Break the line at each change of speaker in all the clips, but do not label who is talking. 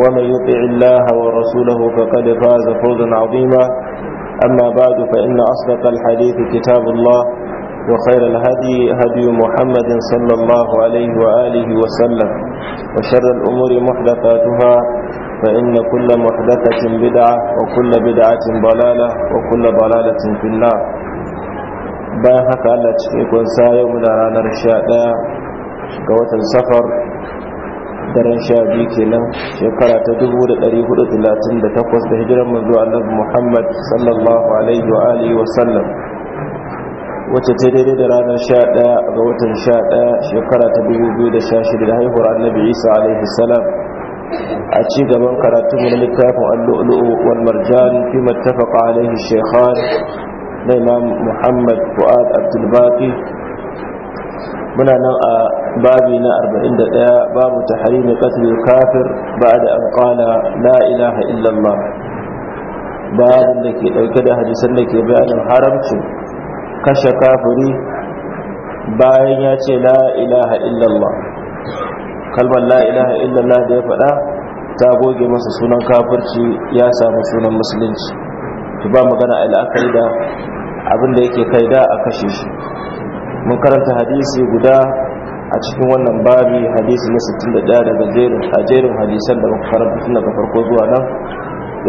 ومن يطع الله ورسوله فقد فاز فوزا عظيما أما بعد فإن أصدق الحديث كتاب الله وخير الهدي هدي محمد صلى الله عليه وآله وسلم وشر الأمور محدثاتها فإن كل محدثة بدعة وكل بدعة ضلالة وكل ضلالة في النار bayan haka Allah cikin kunsa yau muna قوة السفر daren sha biyu kenan shekara ta dubu da ɗari hudu talatin da takwas da hijiran manzo annabi muhammad sallallahu alaihi wa alihi wa sallam wacce ta daidai da ranar sha ɗaya ga watan sha ɗaya shekara ta dubu biyu da sha shida da haihuwar annabi isa alaihi salam a ci gaban karatun na littafin allu'ulu wal marjan fi mattafaqa alaihi shekhan na imam muhammad fuad abdulbaki muna nan a babi na 41 babu tahrim qatl kafir ba'da an qala la ilaha illa Allah babin da ke dauke da hadisan da ke bayanin haramcin kashe kafiri bayan ya ce la ilaha illa Allah kalmar la ilaha illa Allah da ya faɗa ta goge masa sunan kafirci ya samu sunan musulunci to ba magana al'akari da abin da yake kai da a kashe shi mun karanta hadisi guda a cikin wannan babi hadisi na 61 daga jerin hadisan da muka karanta tun daga farko zuwa nan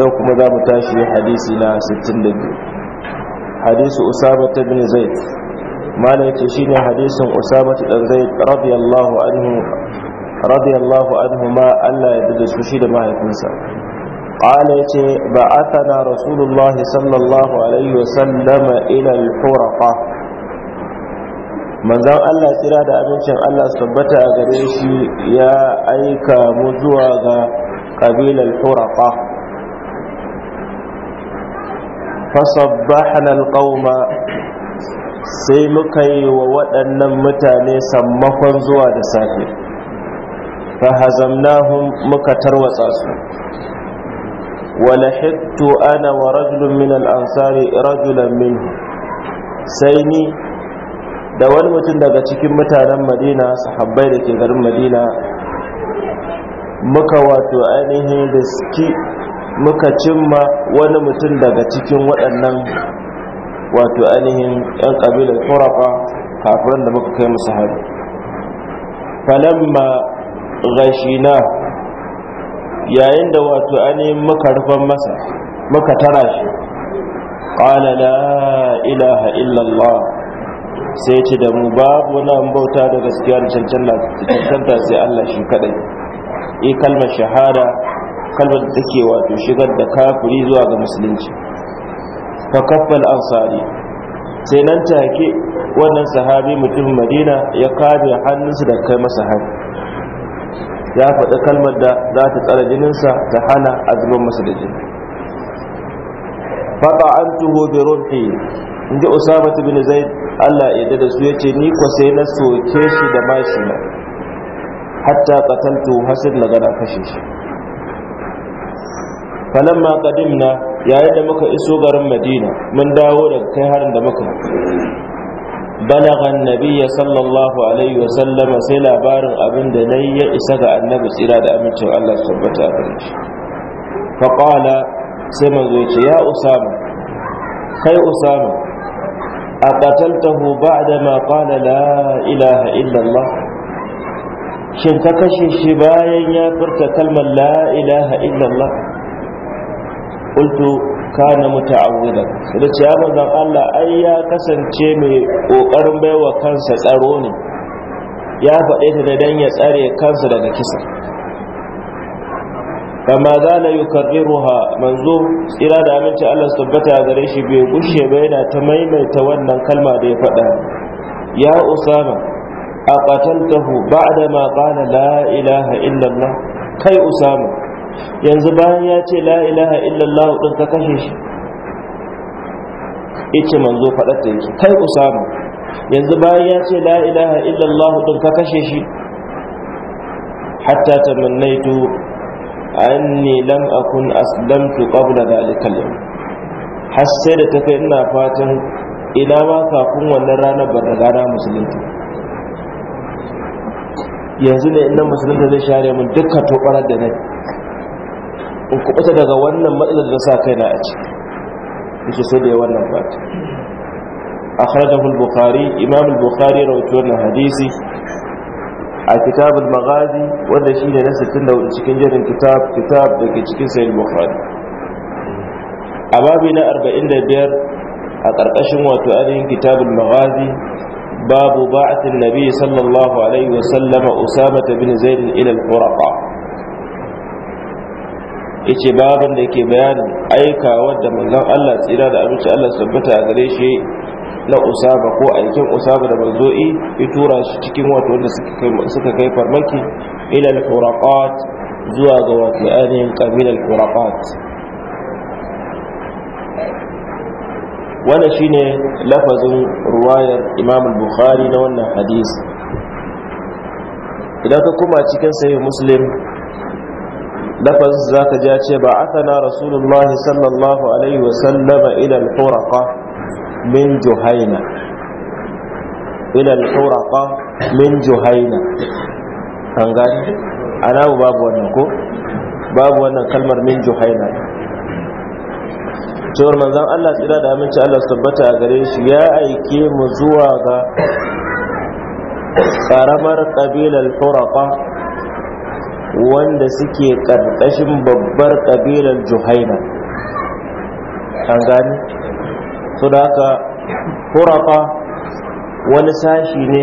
yau kuma za mu tashi hadisi na 62 hadisi usama ta bin zaid mana yake ne hadisin usama ta dan zaid radiyallahu anhu radiyallahu anhu ma Allah ya dade su shi da mahaifinsa قال يتي بعثنا رسول الله صلى الله عليه وسلم إلى الحرقة manzan Allah tsira da abincin Allah su tabbata a gare shi ya aika mu zuwa ga ƙabilar turafa fasabbahna ƙauma, sai muka yi wa waɗannan mutane sammakon zuwa da safe fahazamnahum muka tarwatsa su ولحقت أنا ورجل من الأنصار رجلا min? sai ni da wani mutum daga cikin mutanen madina sahabbai da ke garin madina muka wato ainihin suke muka cimma wani mutum daga cikin waɗannan wato ainihin 'yan ƙabilar turafa kafin da muka kai musu hari falamma gashina yayin da wato ainihin muka rufan masa muka tara shi ƙalala ilaha illallah sai ce da mu babu wani bauta da gaskiya da cancanta sai Allah shi kadai e kalmar shahada kalmar da take wato shigar da kafiri zuwa ga musulunci fa kaffal ansari sai nan take wannan sahabi mutum madina ya kame hannunsa da kai masa hannu. ya faɗi kalmar da za ta tsara jininsa ta hana azuban masa da jini faɗa an tuho bi ruhi in ji usama bin zaid Allah ya dada da su yace ni ko sai na soke shi da bashi na hatta qataltu hasid na gana kashe shi falamma qadimna yayin da muka iso garin Madina mun dawo daga kai harin da muka balagan nabiyya sallallahu alaihi wa sallama sai labarin abin da nayi ya isa ga annabi tsira da amincin Allah tabbata gare shi fa qala sai manzo ya usama kai usama أقتلته بعدما قال لا إله إلا الله shin ka kashe shi bayan ya furta kalmar la ilaha illallah qultu kana muta'awwidan sai ce ya manzon Allah ai ya kasance mai kokarin baiwa kansa tsaro ne ya faɗe ta da dan ya tsare kansa daga kisa kama za na yi karɓiruha manzo tsira da aminci Allah su tabbata gare shi bai gushe ba yana ta maimaita wannan kalma da ya faɗa ya usama a hu, ba da ma ƙana la illallah kai usama yanzu bayan ya ce la'ilaha illallah ɗin ka kashe shi Ita manzo faɗa ta yake kai usama yanzu bayan ya ce la'ilaha illallah ɗin ka kashe shi hatta tamannaitu anni lam akun aslamtu qabla dhalika al-yawm har sai da take ina fatan ina ma kafin wannan ranar ban riga na musulunci. yanzu ne inda musulunta zai share min dukkan tobarar da nai in kubuta daga wannan matsalar da sa kai na a ci su sai da ya wannan fata akhrajahu al-bukhari imam al-bukhari rawaito wannan hadisi a kitabul magazi wanda shi ne na 64 cikin jerin kitab kitab da ke cikin sayin bukhari a babi na 45 a ƙarƙashin wato ainihin kitabul magazi babu ba'atin nabi sallallahu alaihi wa sallama, usama ta bin zaid ila al-quraqa yace babin da ke bayanin aika wadda manzon Allah tsira da abinci Allah sabbata a gare shi na usaba ko aikin usaba da manzo'i ya tura shi cikin wato wanda suka kai farmaki ila al-furaqat zuwa ga wato ainihin kabilar furaqat wannan shine lafazin ruwayar imam bukhari na wannan hadisi idan ka kuma cikin sahih muslim lafazin zaka ji ya ce ba'athana rasulullahi sallallahu alaihi wa sallama ila al min جهينة إلى الحرقة من min juhaina an gani babu wannan ko babu wannan kalmar min juhaina cewar manzan Allah tsira da aminci Allah su tabbata a gare shi ya aike mu zuwa ga kabilar wanda suke karkashin babbar kabilar juhaina an gani to da haka hurafa wani sashi ne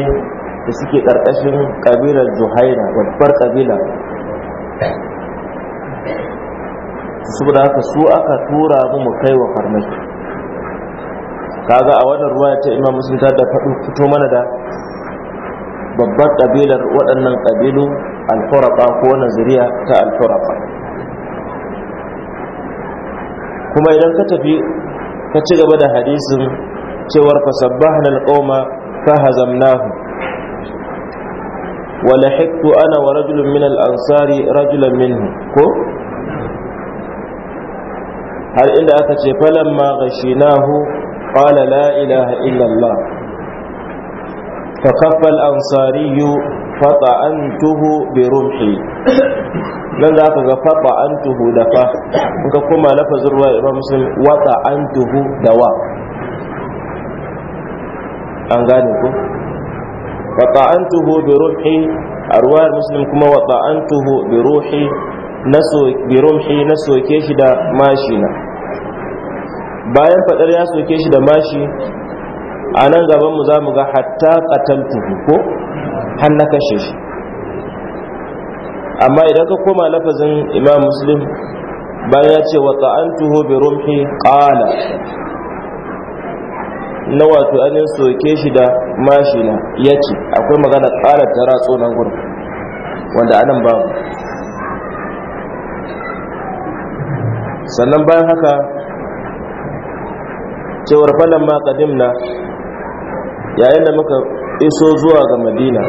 da suke ƙarƙashin ƙabilar zuhaira babbar ƙabila saboda haka su aka tura mu mu kai wa farmaki kaga a wannan ruwa ta imam muslim ta da faɗin fito mana da babbar ƙabilar waɗannan ƙabilu alfarafa ko nazariya ta alfuraka kuma idan ka tafi ka ci gaba da hadisin cewar fasabbahna alqauma fahazamnahu wa lahiqtu ana wa rajulun min al-ansari minhu ko har inda aka ce falamma ghashinahu qala la ilaha illa allah فخف الأنصاري fata'antuhu bi ruhi nan da aka ga fata'antuhu da fa ka kuma lafazin ruwa imam muslim wata'antuhu da wa an gane ko fata'antuhu bi ruhi a ruwayar muslim kuma wata'antuhu bi ruhi bi ruhi na ke shi da mashina bayan fadar ya soke shi da mashi a nan gaban mu za mu ga hatta qataltuhu ko har na kashe shi amma idan ka koma lafazin imam muslim bayan ya ce wa ta'antuhu bi rumhi qala na wato yi soke shi da mashina ya ce akwai magana ƙara ta ratso nan gurin wanda anan babu sannan bayan haka cewar falon ma na yayin da muka iso zuwa ga madina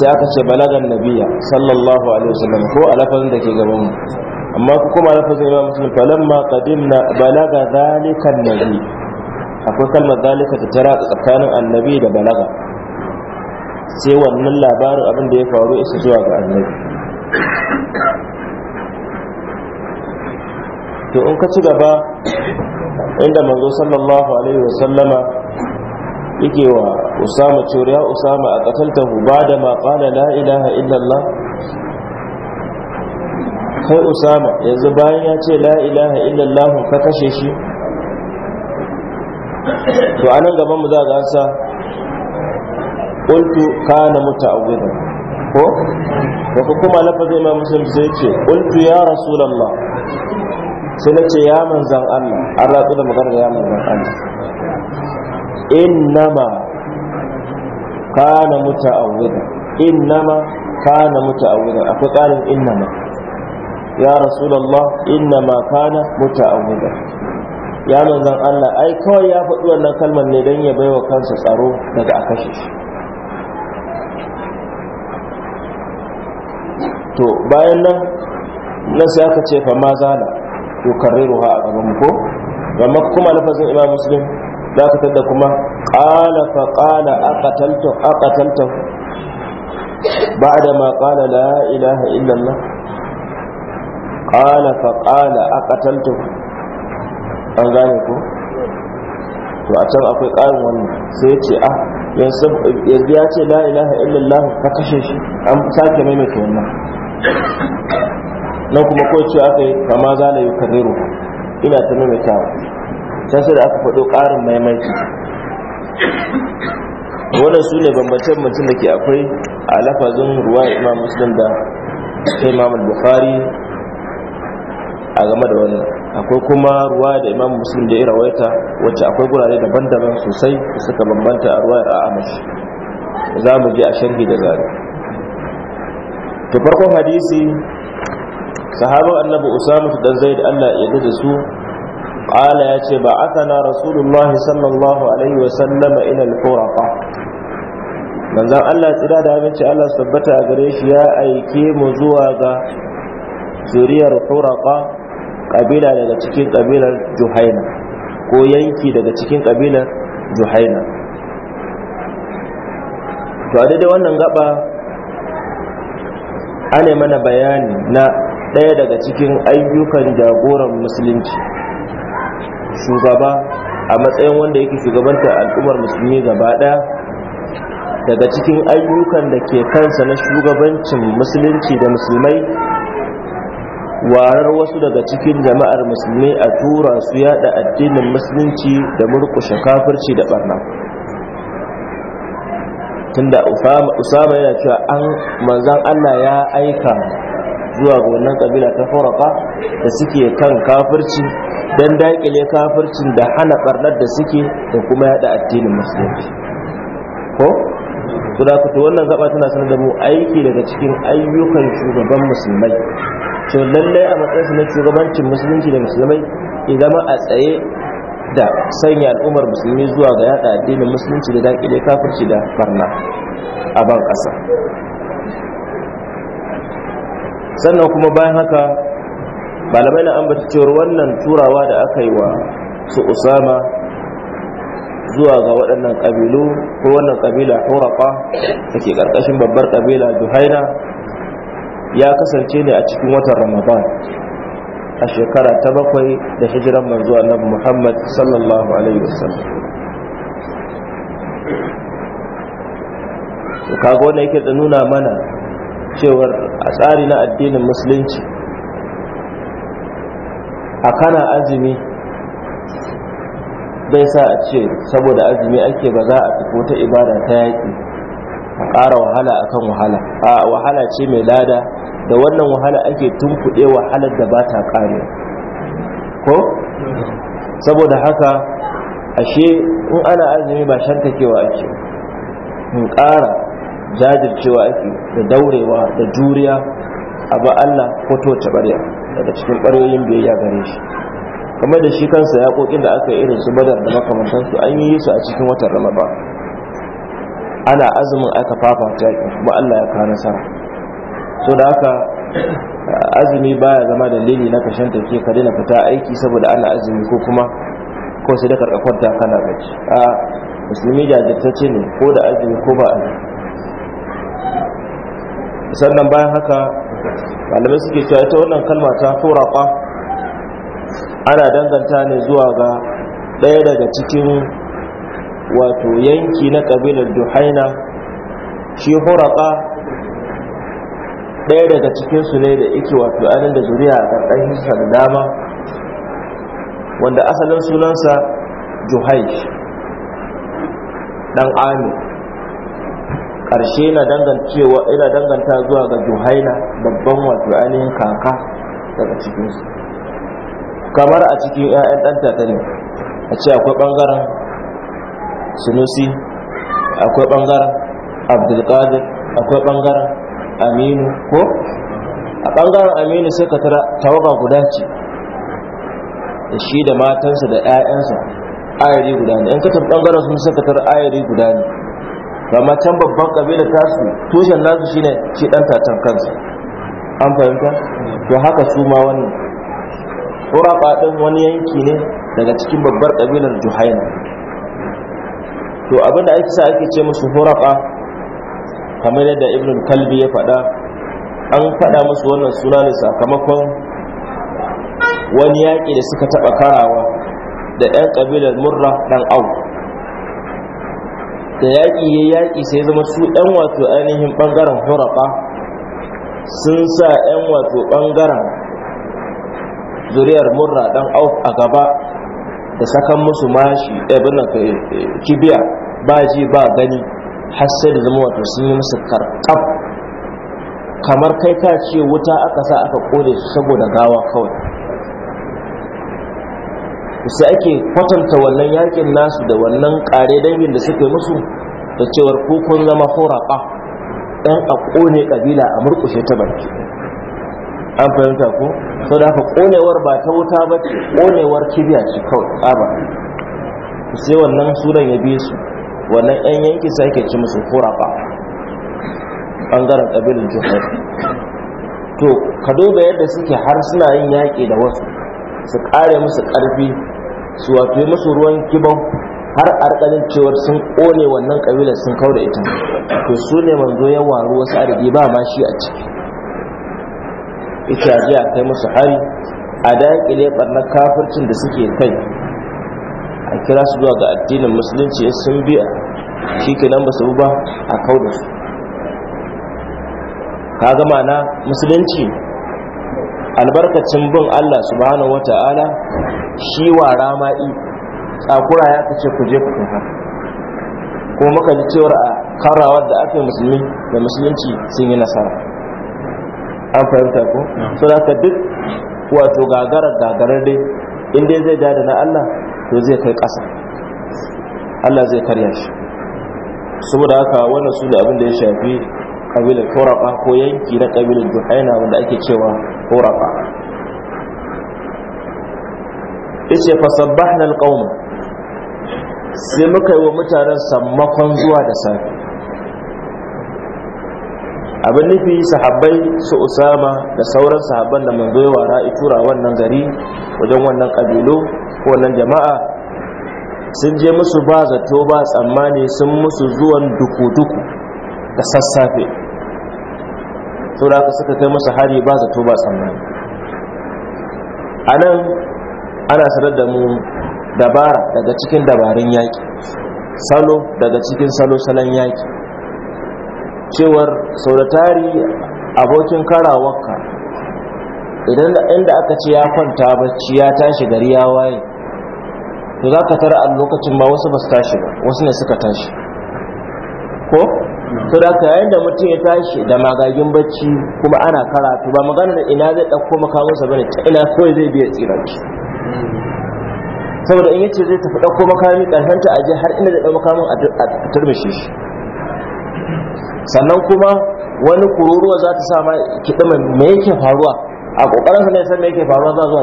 sai aka ce balagan nabiya sallallahu alaihi wasallam ko a lafazin da ke gaban mu amma kuma lafazin imam muslim falamma qadimna balaga zalika nabi akwai kalmar zalika ta tara tsakanin annabi da balaga sai wannan labarin abin da ya faru isa zuwa ga annabi to in ka ci gaba inda manzo sallallahu alaihi wasallama yake wa usama cewar ya usama a kataltahu ba da ma qala la ilaha illallah kai usama yanzu bayan ya ce la ilaha illallah ka kashe shi to a nan mu za a sa mutu a wuri ko ko kuma lafazin ma Musulmi sai ce qultu ya lalla. sai na ce ya manzan Allah an ratsu da magana ya manzan Allah innama kana muta'awwidan innama kana muta'awwidan akwai ƙarin innama ya rasulullah innama kana muta'awwidan ya manzan Allah ai kawai ya faɗi wannan kalmar ne don ya baiwa kansa tsaro daga a kashe shi to bayan nan nan sai aka ce fa ma zala yukarriruha a gaban ko amma kuma lafazin imam muslim za ka tada kuma qala fa qala aqataltu aqataltu ba'da ma qala la ilaha illa allah qala fa qala aqataltu an gane ko to a can akwai ƙarin wannan sai ce a ah, yanzu ya ce la ilaha illallah ka kashe shi an sake maimaita wannan nan kuma ko ce aka yi kama za na yi kariru, ina ta maimaita can sai da aka faɗo ƙarin maimaki wannan su ne bambancin mutum da ke akwai a lafazin ruwa imam muslim da ta imam bukhari a game da wannan akwai kuma ruwa da imam muslim da ya rawaita wacce akwai gurare daban-daban sosai da suka bambanta a ruwa a amash za mu je a sharhi da zari to farkon hadisi sahaban annabi usama dan zaid Allah ya da su qala ya ce ba atana rasulullahi sallallahu alaihi wa sallama ila al-hurafa manzon Allah tsira da abinci Allah tabbata a gare shi ya aike mu zuwa ga zuriyar hurafa kabila daga cikin kabilar juhaina ko yanki daga cikin kabilar juhaina to a daidai wannan gaba ana mana bayani na ɗaya daga cikin ayyukan jagoran musulunci shugaba a matsayin wanda yake shugabantar al'ummar musulmi gaba ɗaya daga cikin ayyukan da ke kansa na shugabancin musulunci da musulmai warar wasu daga cikin jama'ar musulmi a tura su yada addinin musulunci da murkushe kafirci da barna tunda usama yana cewa an manzan allah ya aika zuwa ga wannan kabila ta faraka da suke kan kafirci don daƙile kafircin da hana ɓarnar da suke da kuma yada addinin musulunci ko to da kuta wannan gaba tana sanar da mu aiki daga cikin ayyukan shugaban musulmai to lallai a matsayinsa na shugabancin musulunci da musulmai zama a tsaye da sanya al'ummar musulmi zuwa ga yada addinin musulunci da daƙile kafirci da barna a ban ƙasa sannan kuma bayan haka malamai na ambata cewar wannan turawa da aka yi wa su usama zuwa ga waɗannan ƙabilu ko wannan ƙabila horaka da ke ƙarƙashin babbar ƙabila duhaina ya kasance ne a cikin watan ramadan a shekara ta bakwai da hijiran manzo annabi muhammad sallallahu alaihi wasallam kaga wannan yake da nuna mana cewar a tsari na addinin musulunci a kana azumi bai sa a ce saboda azumi ake ba za a tafi wata ibada ta yaƙi a ƙara wahala akan wahala a wahala ce mai lada da wannan wahala ake tunkuɗe wahalar da ba ta ƙare ko saboda haka ashe in ana azumi ba kewa ake in ƙara jajircewa ake da daurewa da juriya a ba Allah ko to ta barya daga cikin baryoyin ya gare shi kuma da shi kansa ya kokin da aka yi irin su badar da makamantan su an yi su a cikin watan ramadan ana azumin aka ta yi kuma Allah ya kawo nasara so da haka azumi baya zama dalili na kashin take ka daina fita aiki saboda ana azumi ko kuma ko sai da kwanta kana gaci a musulmi jajirtacce ne ko da azumi ko ba azumi sannan bayan haka malamai suke cewa ita wannan kalma ta turaka ana danganta ne zuwa ga ɗaya daga cikin wato yanki na ƙabilar duhaina shi huraka ɗaya daga cikinsu ne da ike wato anin da zuriya a ƙarƙashinsa da dama wanda asalin sunansa juhaish ɗan amir Karshe na dangancewa ina danganta zuwa ga juhaina babban wato ainihin kaka daga cikinsu kamar a cikin 'ya'yan ɗan tattali a ce akwai ɓangaren sunusi akwai ɓangaren abdulkadir akwai ɓangaren aminu ko a ɓangaren aminu sai ka tara tawagan guda ce da shi da matansa da 'ya'yansa ayari guda ne in ka ɓangaren sun sai ka tara ayari guda ne kama can babban kabilar tasu tushen nasu shine shi dan tatan kansa an fahimta to haka su ma wani. ƙuraƙa ɗin wani yanki ne daga cikin babbar kabilar juhaina to abinda ake sa ake ce musu hurafa kamar yadda ibn kalbi ya faɗa an faɗa musu wannan suna ne sakamakon wani yaƙi da suka taɓa karawa da 'yan ƙabilar murra ɗan au da yaƙi ya yaƙi sai zama su ɗan wato ainihin ɓangaren hurafa sun sa ɗan wato ɓangaren zuriyar murra ɗan auf a gaba da sakan musu mashi ɗabin eh, na eh, eh, kibiya ba ji ba gani har da zama wato sun yi musu karkaf kamar kai ka ce wuta aka sa aka kone su saboda gawa kawai sai ake kwatanta wannan yakin nasu da wannan kare dangin da suka yi musu da cewar kukun zama horaba ɗan a ƙone ƙabila a murƙushe ta baki an fahimta ko sau da haka ƙonewar ba ta wuta ba ce ƙonewar kibiya ce kawai tsaba sai wannan suran ya bi su wannan 'yan yanki sake ake ci musu horaba ɓangaren ƙabilun jihar to ka duba yadda suke har suna yin yaƙi da wasu su kare musu karfi su wato musu ruwan kibon har arkalin cewar sun kone wannan kabilar sun kawo da ita to su ne manzo ya waru wasu arziki ba ma shi a ciki ita ji a kai musu hari a daƙile ɓarnar kafircin da suke kai a kira su zuwa ga addinin musulunci sun biya shi ke nan ba su ba a kawo da su ka gama na musulunci albarkacin bin Allah subhanahu wata'ala shi wa rama'i tsakura ya kace ku je ku kafa ko muka ji cewar a karawar da ake musulmi da musulunci sun yi nasara an fahimta ko so ka duk wato gagarar gagarar dai in dai zai dada na Allah to zai kai ƙasa Allah zai karya shi saboda haka wannan su da abin da ya shafi kabilar turaba ko yanki na kabilar juhaina wanda ake cewa turaba ishe fasabbah na sai muka yi wa mutanen sammakon zuwa da safe abin nufi sahabbai su usama da sauran sahabban da manzo ya wara tura wannan gari wajen wannan ƙabilo ko wannan jama'a sun je musu ba zato ba tsammani sun musu zuwan duku-duku da sassafe to da suka kai masa hari ba zato ba tsammani a nan ana sanar da mu dabara daga cikin dabarun yaƙi salo daga cikin salo salon yaƙi cewar sauratari abokin karawarka idan inda aka ce ya kwanta bacci ya tashi gari ya waye to za ka tara a lokacin ba wasu ba su tashi ba wasu ne suka tashi ko to da ka da mutum ya tashi da magagin bacci kuma ana karatu ba magana da ina zai ɗauko makamansa bane ta ina kawai zai biya tsira saboda in yace zai tafi ɗauko makami ƙarfanta a har inda zai ɗau makamin a turmishi shi sannan kuma wani kururuwa za ta sa ma kiɗima me yake faruwa a ƙoƙarin sa ne san me yake faruwa za zuwa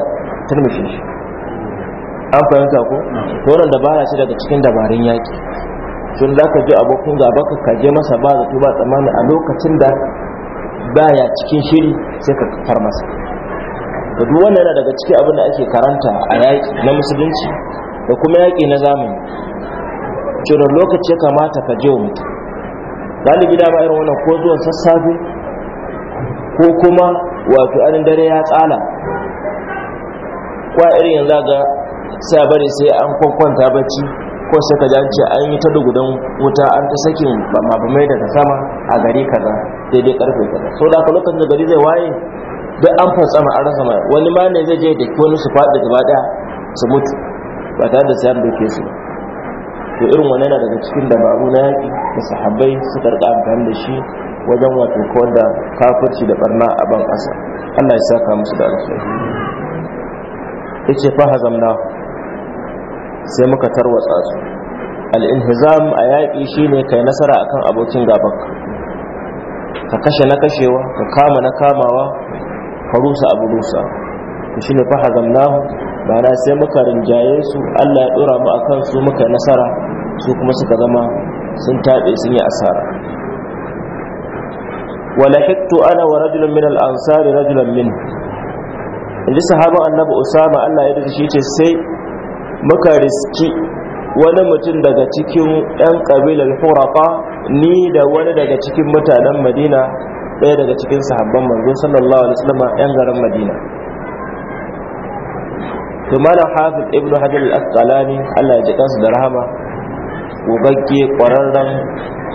turmishi shi an fahimta ko to wannan dabara ce daga cikin dabarun yaƙi tun da ka ji abokin gaba ka kaje masa ba zato ba tsammani a lokacin da baya cikin shiri sai ka kafar masa da duk wannan yana daga cikin abin da ake karanta a yaƙi na musulunci da kuma yaƙi na zamani cewa lokaci ya kamata ka je wa mutum galibi da ba irin wannan ko zuwan sassafe ko kuma wato anin dare ya tsala kwa irin yanzu ga sai bari sai an kwakwanta bacci ko sai ka jance an yi ta dugudan wuta an ta sakin mabamai daga sama a gari kaza daidai karfe kaza so da lokacin da gari zai waye duk an fatsama an rasa mai wani ma ne zai je da wani su faɗi gaba ɗaya su mutu ba tare da sayar da ke su to irin wani yana daga cikin dabaru na yaƙi da sahabbai suka rika amfani da shi wajen wato ko da kafirci da barna a ban ƙasa Allah ya saka musu da alkhairi yace fa hazamna sai muka tarwatsa su al'inhizam a yaƙi shine kai nasara akan abokin gabanka ka kashe na kashewa ka kama na kamawa ka rusa abu rusa to shine fa hazamnahu bana sai muka rinjaye su Allah ya dora mu akan su muka nasara su kuma suka zama sun tabe sun yi asara walahittu ana wa rajulun min al-ansari rajulun min inda annabi usama Allah ya da shi ce sai muka riski wani mutum daga cikin 'yan ƙabilar hurafa ni da wani daga cikin mutanen madina ɗaya daga cikin sahabban manzo sallallahu alaihi wasallam 'yan garin madina tumana hafiz ibn hajar al-asqalani Allah ya ji kansu da rahama gogagge ƙwararren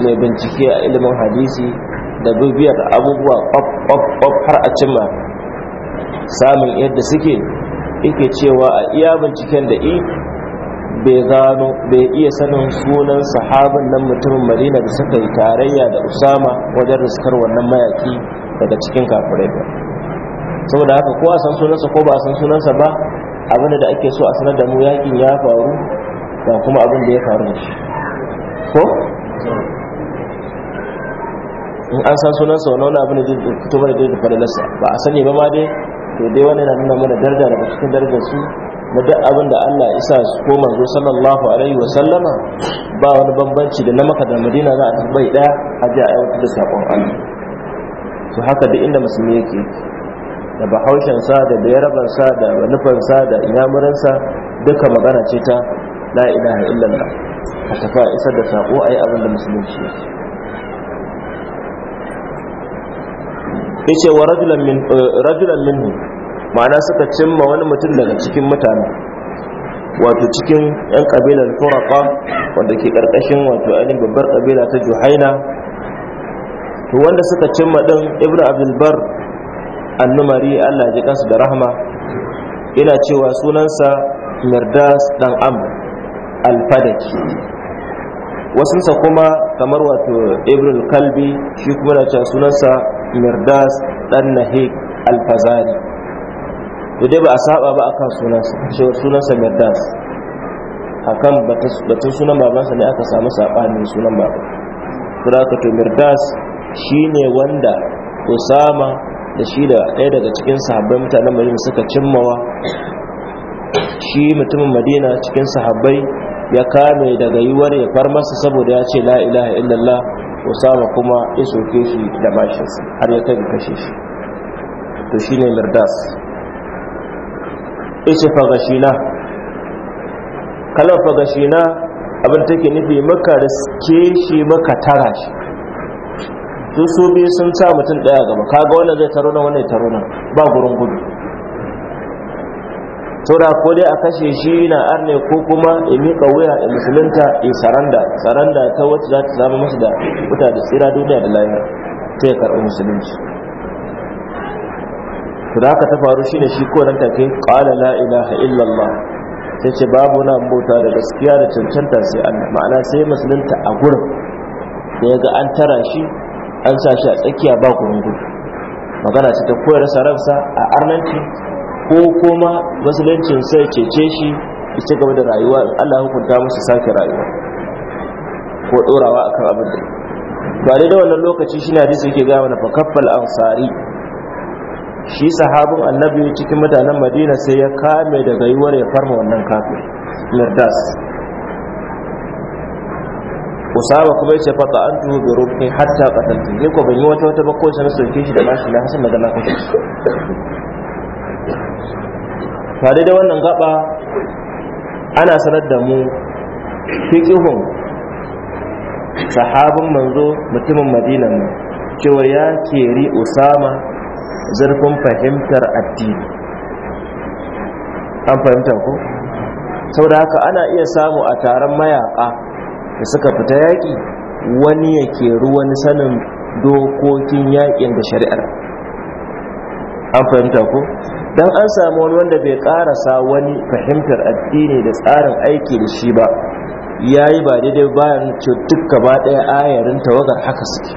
mai bincike a ilimin hadisi da bibiyar abubuwa kwaf har a cimma samun yadda suke yake cewa a iya binciken da in bai gano bai iya sanin sunan sahabin nan mutumin madina da suka yi tarayya da usama wajen riskar wannan mayaki daga cikin kafirai ba saboda haka ko a san sunansa ko ba a san sunansa ba abinda da ake so a sanar da mu yakin ya faru da kuma abin da ya faru da shi ko in an san sunansa wani wani abin da zai fito mana da fadalarsa ba a sani ba ma dai to dai wannan yana nuna mana daraja daga cikin darajar su na duk abin da Allah ya isa su ko manzo sallallahu alaihi wa sallama ba wani bambanci da na maka da Madina za a tabbai daya a ji a aiwatar da sakon Allah to haka duk inda musulmi yake da bahaushen sa da bayaraban sa da manufan sa da inyamuransa duka magana ce ta la ilaha illallah tafi a isar da sako ayi abin da musulunci yake ce wa rajulan minhu ma'ana suka cimma wani mutum daga cikin mutane wato cikin yan kabilar turaka wanda ke karkashin wato ainihin babbar kabila ta juhaina to wanda suka cimma din ibra abdulbar annumari Allah ya ji kansu da rahama yana cewa sunansa mirdas dan am al wasunsa kuma kamar wato ibril kalbi shi kuma na cewa sunansa mirdas dan nahik alfazari to dai ba a saba ba akan sunansa cewa sunansa mirdas akan batun sunan babansa ne aka samu sabanin sunan baba kuma aka to mirdas shine wanda usama da shi da ɗaya daga cikin sahabbai mutanen madina suka cimmawa shi mutumin madina cikin sahabbai ya kame daga yiwuwar ya far masa saboda ya ce la ilaha illallah ko sama kuma ya soke shi da bashinsa har ya kai kashe shi to shine mirdas ishe fagashina kalar fagashina abin take nufi maka da ke shi maka tara shi to su biyu sun sa mutum daya gaba kaga wannan zai taro nan wannan ya taro nan ba gurin gudu saboda ko dai a kashe shi na arne ko kuma in miƙa wuya ya musulunta in saranda saranda ta wacce za ta zama masu da wuta da tsira duniya da lahira ta ya karɓi musulunci to da ta faru shi shine shi ko nan take ƙwala la ilaha illallah sai ce babu na bauta da gaskiya da cancanta sai Allah ma'ana sai musulunta a gurin da ya ga an tara shi an sa shi a tsakiya ba gurin magana ce ta koyar sa ransa a arnanci ko kuma musuluncin sai cece shi ita game da rayuwa Allah hukunta musu sake rayuwa ko dorawa akan abin da ba dai da wannan lokaci shi na hadisi yake ga mana fa kaffal ansari shi sahabin annabi cikin mutanen madina sai ya kame daga yiwuwar ya farma wannan kafir mirdas usama kuma yace fa ta'antu bi rubbi hatta qatalti ne ko ban yi wata wata ba ko sai ke shi da mashi na hasan daga na kashe tare da wannan gaba ana sanar da mu fiƙihun sahabin manzo mutumin madinan mu, cewa ya keri usama zurfin fahimtar addini an fahimta ko sau da haka ana iya samu a taron mayaƙa da suka fita yaƙi wani ya keru wani sanin dokokin yaƙin da shari'ar an fahimta ko dan an samu wani wanda bai karasa wani fahimtar addini da tsarin aiki da shi ba ya yi ba daidai bayan duk gaba ɗaya ayarin tawagar haka suke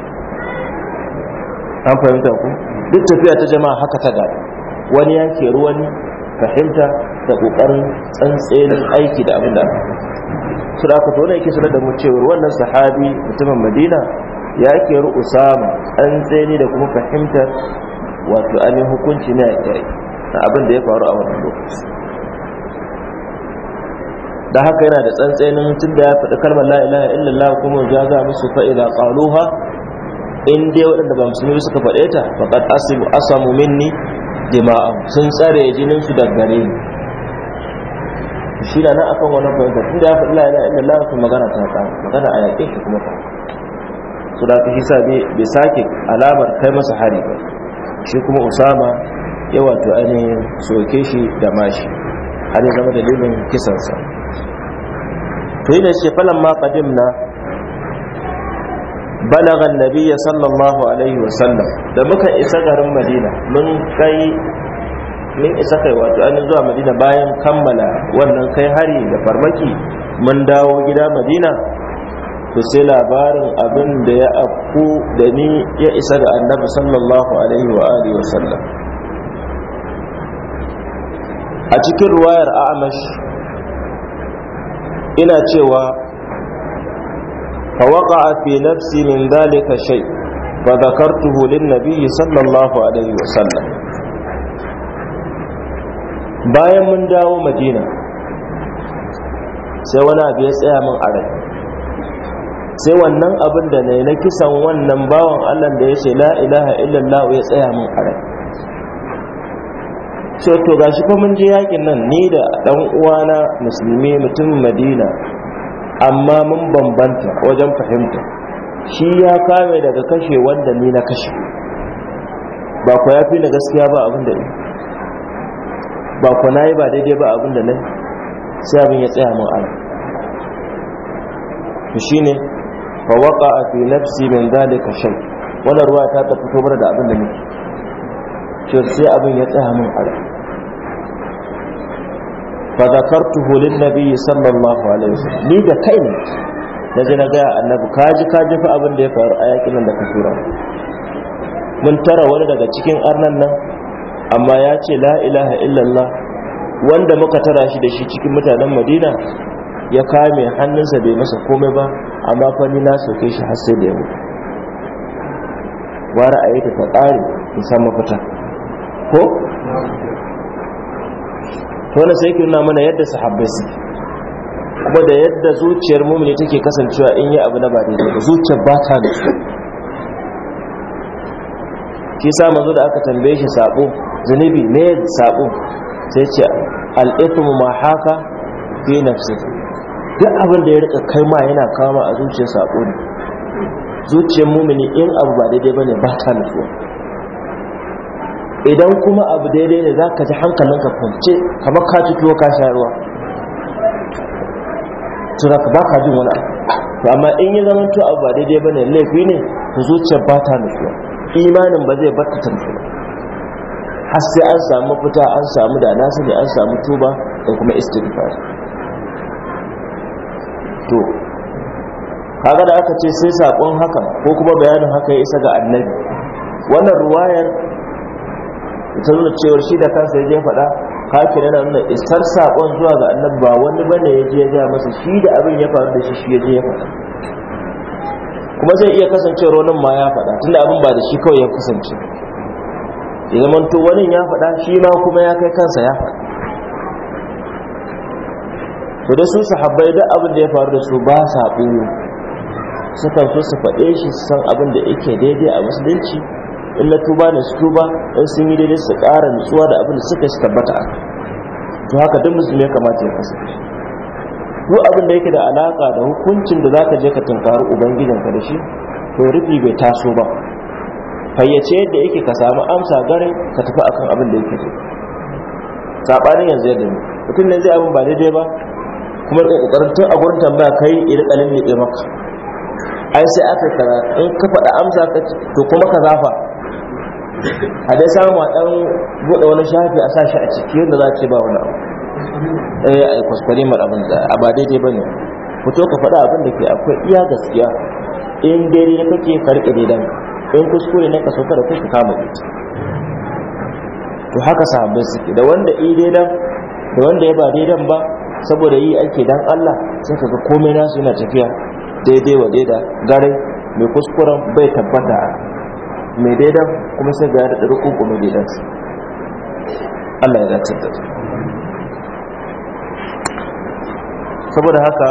an fahimta ku duk tafiya ta jama'a haka ta gada wani ya ruwan fahimta da ƙoƙarin tsantsenin aiki da abin da aka su da aka tona yake sanar da mu cewar wannan sahabi mutumin madina ya ke ru'u samun tsantseni da kuma fahimtar wato ainihin hukunci na yaƙi na abin da ya faru a wannan lokaci da haka yana da tsantsanin tun da ya faɗi kalmar la ilaha illallah kuma ya za musu fa idza qaluha in dai waɗanda ba musulmi suka faɗe ta faqad asimu asamu minni jima'a sun tsare jinin su daga gare ni shi na nan akan wannan fahimta tun da ya faɗi la ilaha illallah kuma magana ta ka magana a yaƙin ki kuma ta su da ka shi sa bai sake alamar kai masa hari ba shi kuma usama ya wato ainihin soke shi da mashi har ya zama dalilin kisansa to yi da ce falon ma ƙadim na balagan nabiya sallallahu alaihi wasallam da muka isa garin madina mun kai mun isa kai wato an zuwa madina bayan kammala wannan kai hari da farmaki mun dawo gida madina to sai labarin abin da ya afku da ni ya isa ga annabi sallallahu alaihi wa alihi wasallam a cikin ruwayar amash ina cewa فوقع في نفسي من ذلك شيء فذكرته للنبي صلى sallallahu عليه wasallam bayan mun dawo madina sai wani abu ya tsaya min a rai sai wannan abin da na yi na kisan wannan bawan allah da ya ce la ilaha illallah ya tsaya min a rai cewa to shi fa mun je yakin nan ni da dan uwana musulmi mutum madina amma mun bambanta wajen fahimta shi ya kame daga kashe wanda ni na kashe ba ku ya fi na gaskiya ba abin da ni ba ku na yi ba daidai ba abin da na sai abin ya tsaya mun ana to shine fa waqa fi nafsi min zalika shay wannan ruwa ta ta fito mana da abin da nake to sai abin ya tsaya mun ana fa zakartuhu lin nabi sallallahu alaihi wasallam ni da kaina da je na gaya annabi kaji kaji fa abin da ya faru a yakin da ka tura mun tara wani daga cikin arnan nan amma ya ce la ilaha illallah wanda muka tara shi da shi cikin mutanen madina ya kame hannunsa bai masa komai ba amma fa na soke shi har sai da ya mutu wa ra'ayi ta tsare in san mafita ko Wani sai yake nuna mana yadda sahabbai suke kuma da yadda zuciyar mumini take kasancewa in yi abu na ba daidai ba zuciyar ba ta da su ki sa manzo da aka tambaye shi sabo zunubi me sabo sai ce al ma haka fi nafsihi duk abin da ya rika kai ma yana kama a zuciyar sabo ne zuciyar mumini in abu ba daidai bane ba ta nutsuwa idan kuma abu daidai ne za ka ji hankalinka kwance kamar ka ci ka shayarwa, to za ka ba ka jin wani abu amma in yi zama to abu ba daidai ba ne laifi ne to zuciyar ba ta nutsuwa imanin ba zai bar ta nutsuwa har sai an samu mafita an samu da nasu ne an samu tuba da kuma istighfar to kaga da aka ce sai sakon hakan ko kuma bayanin haka ya isa ga annabi wannan ruwayar ta nuna cewar shi da kansa ya je faɗa kafin yana nuna isar sakon zuwa ga annabi ba wani bane ya je ya masa shi da abin ya faru da shi shi ya je ya faɗa kuma zai iya kasance ronin ma ya faɗa tunda abin ba da shi kawai ya kasance ya zama to wani ya faɗa shi ma kuma ya kai kansa ya faɗa to da su sahabbai duk abin da ya faru da su ba sa ɓoyo sukan so su faɗe shi san abin da yake daidai a musulunci in na tuba ne su tuba in sun yi daidai su ƙara nutsuwa da abin da suka shi tabbata a to haka duk musulmi ya kamata ya kasance duk abin da yake da alaƙa da hukuncin da zaka je ka tunkari ubangijinka da shi to rufi bai taso ba fayyace yadda yake ka samu amsa garin ka tafi akan abin da yake sabanin yanzu yadda ne mutum ne zai abin ba daidai ba kuma ƙoƙarin tun a gurin tambaya kai ya rika lalle maka ai sai aka kara in ka faɗa amsa ka to kuma ka zafa a dai samu a ɗan buɗe wani shafi a sashi a ciki yadda za ce ba wani abu eh ai kwaskwari mar abin da a ba daidai ba ne fito ka faɗa abin da ke akwai iya gaskiya in dai na kake karɓe daidan in kuskure na ka so kada kai ka kama ita to haka sahabbai suke da wanda yi daidan da wanda ya ba daidan ba saboda yi ake dan Allah sai kaga komai nasu yana tafiya daidai wa daida garai mai kuskuren bai tabbata mai daidan kuma sai ga da rukun kuma su Allah ya dace da saboda haka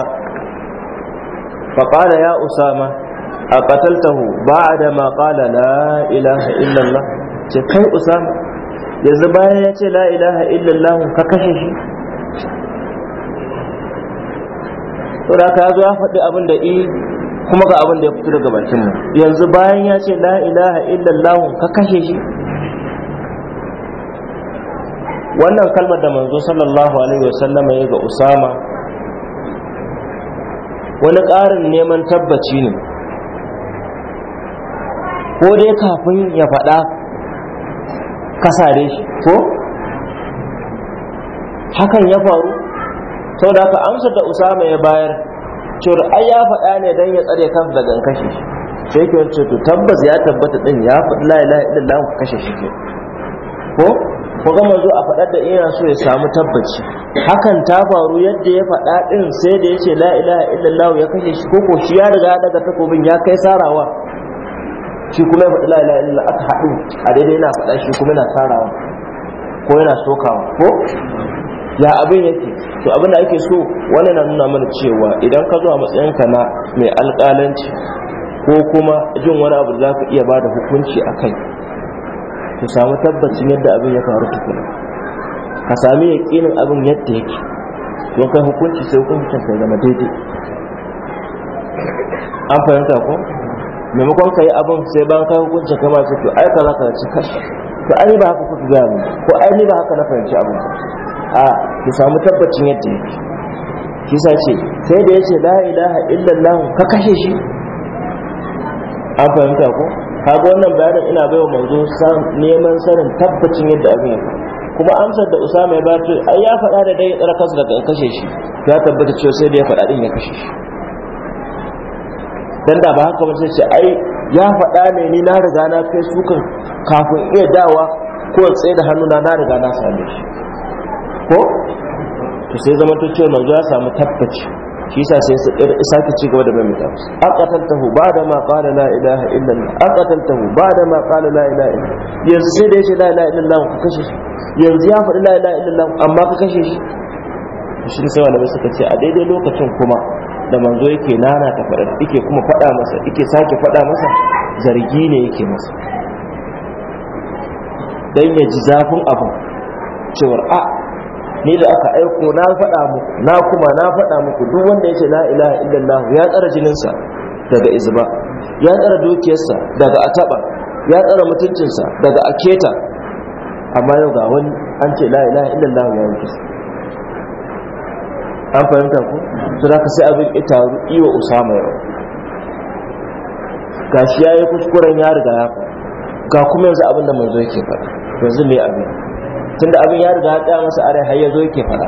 faƙala ya usama a ƙataltahu ba a da maƙala la ilaha illallah ce kai usama yanzu bayan ya ce la ilaha illallah ka kashe shi saboda haka ya zo ya faɗi abin da i kuma ga abin da ya fito daga bakin mu yanzu bayan ya ce la ilaha illallah ka kashe shi wannan kalmar da manzo sallallahu alaihi wasallama ya ga usama wani ƙarin neman tabbaci ne ko dai kafin ya faɗa kasare shi ko hakan ya faru sau da amsar amsa da usama ya bayar cewar ai ya faɗa ne dan ya tsare kansa daga kashe shi sai ke ce to tabbas ya tabbata din ya faɗi la ilaha illallah ku kashe shi ke ko ko ga manzo a faɗar da ina so ya samu tabbaci hakan ta faru yadda ya faɗa din sai da yace la ilaha illallah ya kashe shi ko ko shi ya riga daga takobin ya kai sarawa shi kuma ya faɗi la ilaha illallah aka haɗu a daidai yana faɗa shi kuma yana sarawa ko yana sokawa ko ya abin yake to abin da ake so wani na nuna mana cewa idan ka zo a matsayinka na mai alƙalanci ko kuma jin wani abu za ka iya ba da hukunci a kai ka samu tabbacin yadda abin ya faru tukuna ka sami yaƙinin abin yadda yake don kai hukunci sai hukuncin ka zama daidai an fahimta ko maimakon ka yi abin sai bayan kai hukuncin kama sai to ai ka za ka ci kashi to ai ba haka kuka gani ko ai ba haka na fahimci abin a ki samu tabbacin yadda yake kisa ce sai da yace la ilaha illallah ka kashe shi an fahimta ko kaga wannan bayanin ina baiwa manzo neman sanin tabbacin yadda abin yake kuma amsar da usama ya ba ta ai ya faɗa da dai tsara kansa daga kashe shi ya tabbata cewa sai da ya faɗa din ya kashe shi dan da ba haka ba sai ce ai ya faɗa ne ni na riga na kai sukan kafin iya dawa ko tsaye da hannu na na riga na same shi ko to sai zama ta cewa manzo ya samu tabbaci shi sa sai su sake ci gaba da mai hu ba da ma qala la ilaha illa hu ba da ma qala la ilaha illa yanzu sai da yace la ilaha illa allah ka kashe shi yanzu ya faɗi la ilaha illa amma ka kashe shi shi sai bai suka ce a daidai lokacin kuma da manzo yake nana ta faɗa yake kuma faɗa masa yake sake faɗa masa zargi ne yake masa dan ya ji zafin abu cewar a ni da aka aiko na faɗa muku na kuma na faɗa muku duk wanda ya ce la ilaha illallah ya tsara jininsa daga izba ya tsara dukiyarsa daga ataba ya tsara mutuncinsa daga aketa amma yau ga wani an ce la ilaha illallah ya yanke an fahimta ku to da ka sai abin itaru iwa usama yau gashi yayi kuskuren ya riga ya ga kuma yanzu abin da zo yake faɗa yanzu mai abin tunda abin ya riga ya masa a rai har ya zo yake fara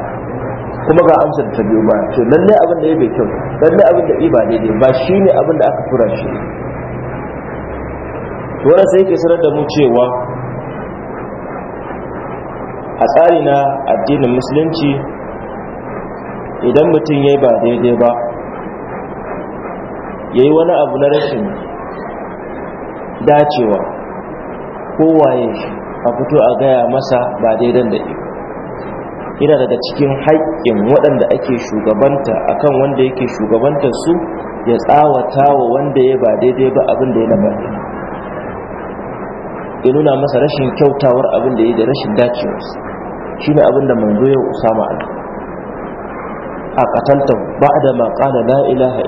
kuma ga amsa da ta biyo ba to lalle abin da ya bai kyau lalle abin da i ba daidai ba shine abin da aka tura shi to sai yake sanar da mu cewa a tsari na addinin musulunci idan mutum ya ba daidai ba ya yi wani abu na rashin dacewa kowaye shi a fito a gaya masa ba daidan da ina daga cikin haƙƙin waɗanda ake shugabanta akan wanda yake shugabantar su ya tsawata wa wanda ya ba daidai ba abin da ya na baɗi ya nuna masa rashin kyautawar abin da ya da rashin dacewarsa shi ne abin da manzo ya usama ali a ƙataltan ba da ma ƙala la ilaha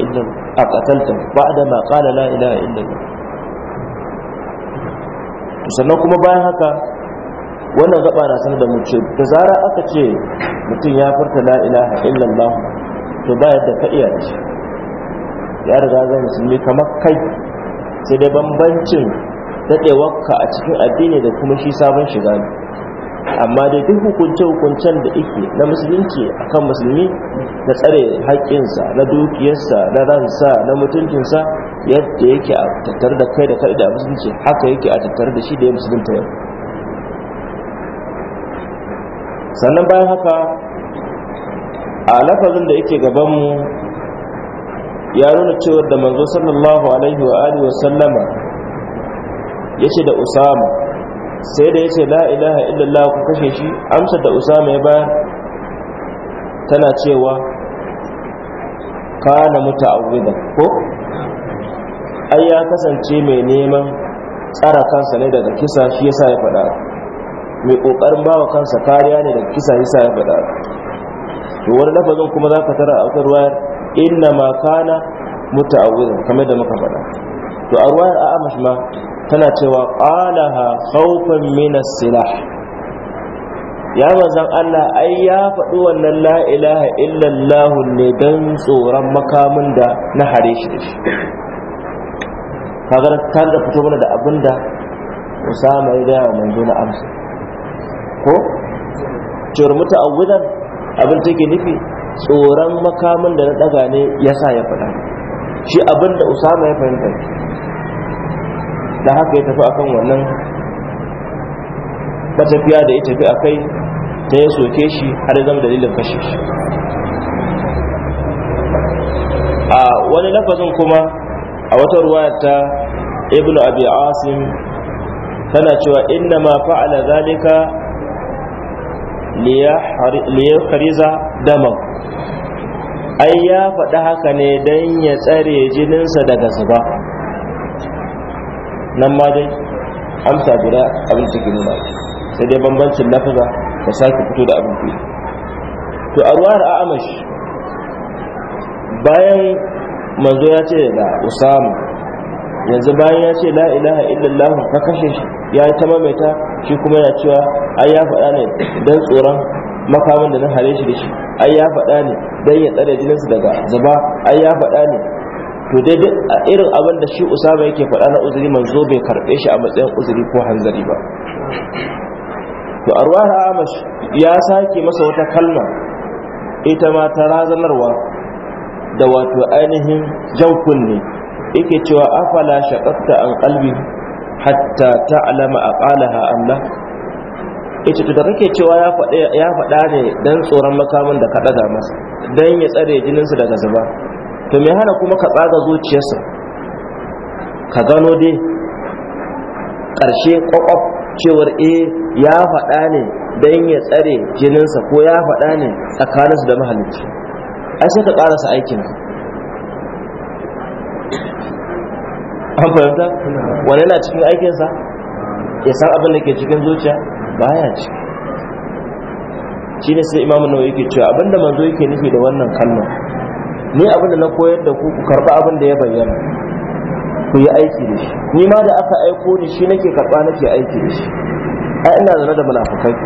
a ƙataltan ba da ma ƙana la a sannan kuma bayan haka wannan gaba na sanar da mu da zara aka ce mutum ya furta la ilaha illallah to bayar da ka iya ce ya riga zai musulmi kamar kai sai dai bambancin daɗewarka a cikin addini da kuma shi sabon shiga ne amma dai duk hukunce-hukuncen da ike na musulunci akan musulmi na tsare haƙƙinsa na dukiyarsa na ransa na mutuncinsa yadda yake a tattar da kai da kai da musulunci haka yake a tattar da shi da ya musulunta yau sannan bayan haka a lafazin da yake gabanmu ya nuna cewar da manzo sallallahu alaihi wa alihi wa sallama ya ce da usama sai da yace la ilaha illallah ku kashe shi amsa da usama ya bayar tana cewa kana muta'awwidan ko ai ya kasance mai neman tsara kansa ne daga kisa shi yasa ya faɗa mai ƙoƙarin bawa kansa kariya ne daga kisa yasa ya faɗa to wani lafazin kuma za ka tara a wata ruwayar inna ma kana muta'awwidin kamar da muka faɗa to a ruwayar a amash ma tana cewa qalaha khawfan min silah ya manzon Allah ai ya faɗi wannan la ilaha illallah ne don tsoron makamin da na hare shi da shi Kagar ta da fito mana da abinda Usama ya gaya wa manzo na amsa ko cewar muta'awwidan abin take nufi tsoron makamin da na daga ne yasa ya faɗa shi abinda Usama ya fahimta da haka ya tafi akan wannan matafiya da ya tafi a kai ta ya soke shi har zama dalilin kashe a wani lafazin kuma a wata ruwaya ta ibn abi asim tana cewa inna ma fa'ala zalika liyakariza daman ai ya faɗi haka ne don ya tsare jininsa daga zuba nan ma dai amsa guda abin cikin nuna sai dai bambancin lafaza da sake fito da abin to a ruwar amash bayan manzo ya ce da usama yanzu bayan ya ce la'ilaha illallah ka kashe shi ya ta mamaita shi kuma ya cewa ai ya faɗa ne don tsoron makamin da na hare shi da shi ai ya faɗa ne don ya tsare jininsa daga zaba ai ya faɗa ne to dai duk irin abin da shi usama yake faɗa na uzuri manzo bai karɓe shi a matsayin uzuri ko hanzari ba to arwah ya sake masa wata kalma ita ma ta razanarwa da wato ainihin jan kunne yake cewa afala shaqatta an qalbi hatta ta'lama aqalaha Allah yace to da kake cewa ya faɗa ya faɗa ne dan tsoron makamin da ka daga masa dan ya tsare jininsa daga zuba to me hana kuma ka tsaga zuciyarsa ka gano dai Karshe ƙwaƙwaf cewar eh ya faɗa ne dan ya tsare jininsa ko ya faɗa ne tsakaninsu da mahalicci ai sai ka karasa aikin an fahimta wani yana cikin aikinsa ya san abin da ke cikin zuciya baya ci shi ne sai imamu nawa yake cewa abinda manzo yake nufi da wannan kallon ni abin da na koyar da ku ku karɓi abin da ya bayyana ku yi aiki da shi ni ma da aka aiko ni shi nake karɓa nake aiki da shi ai ina zama da munafukai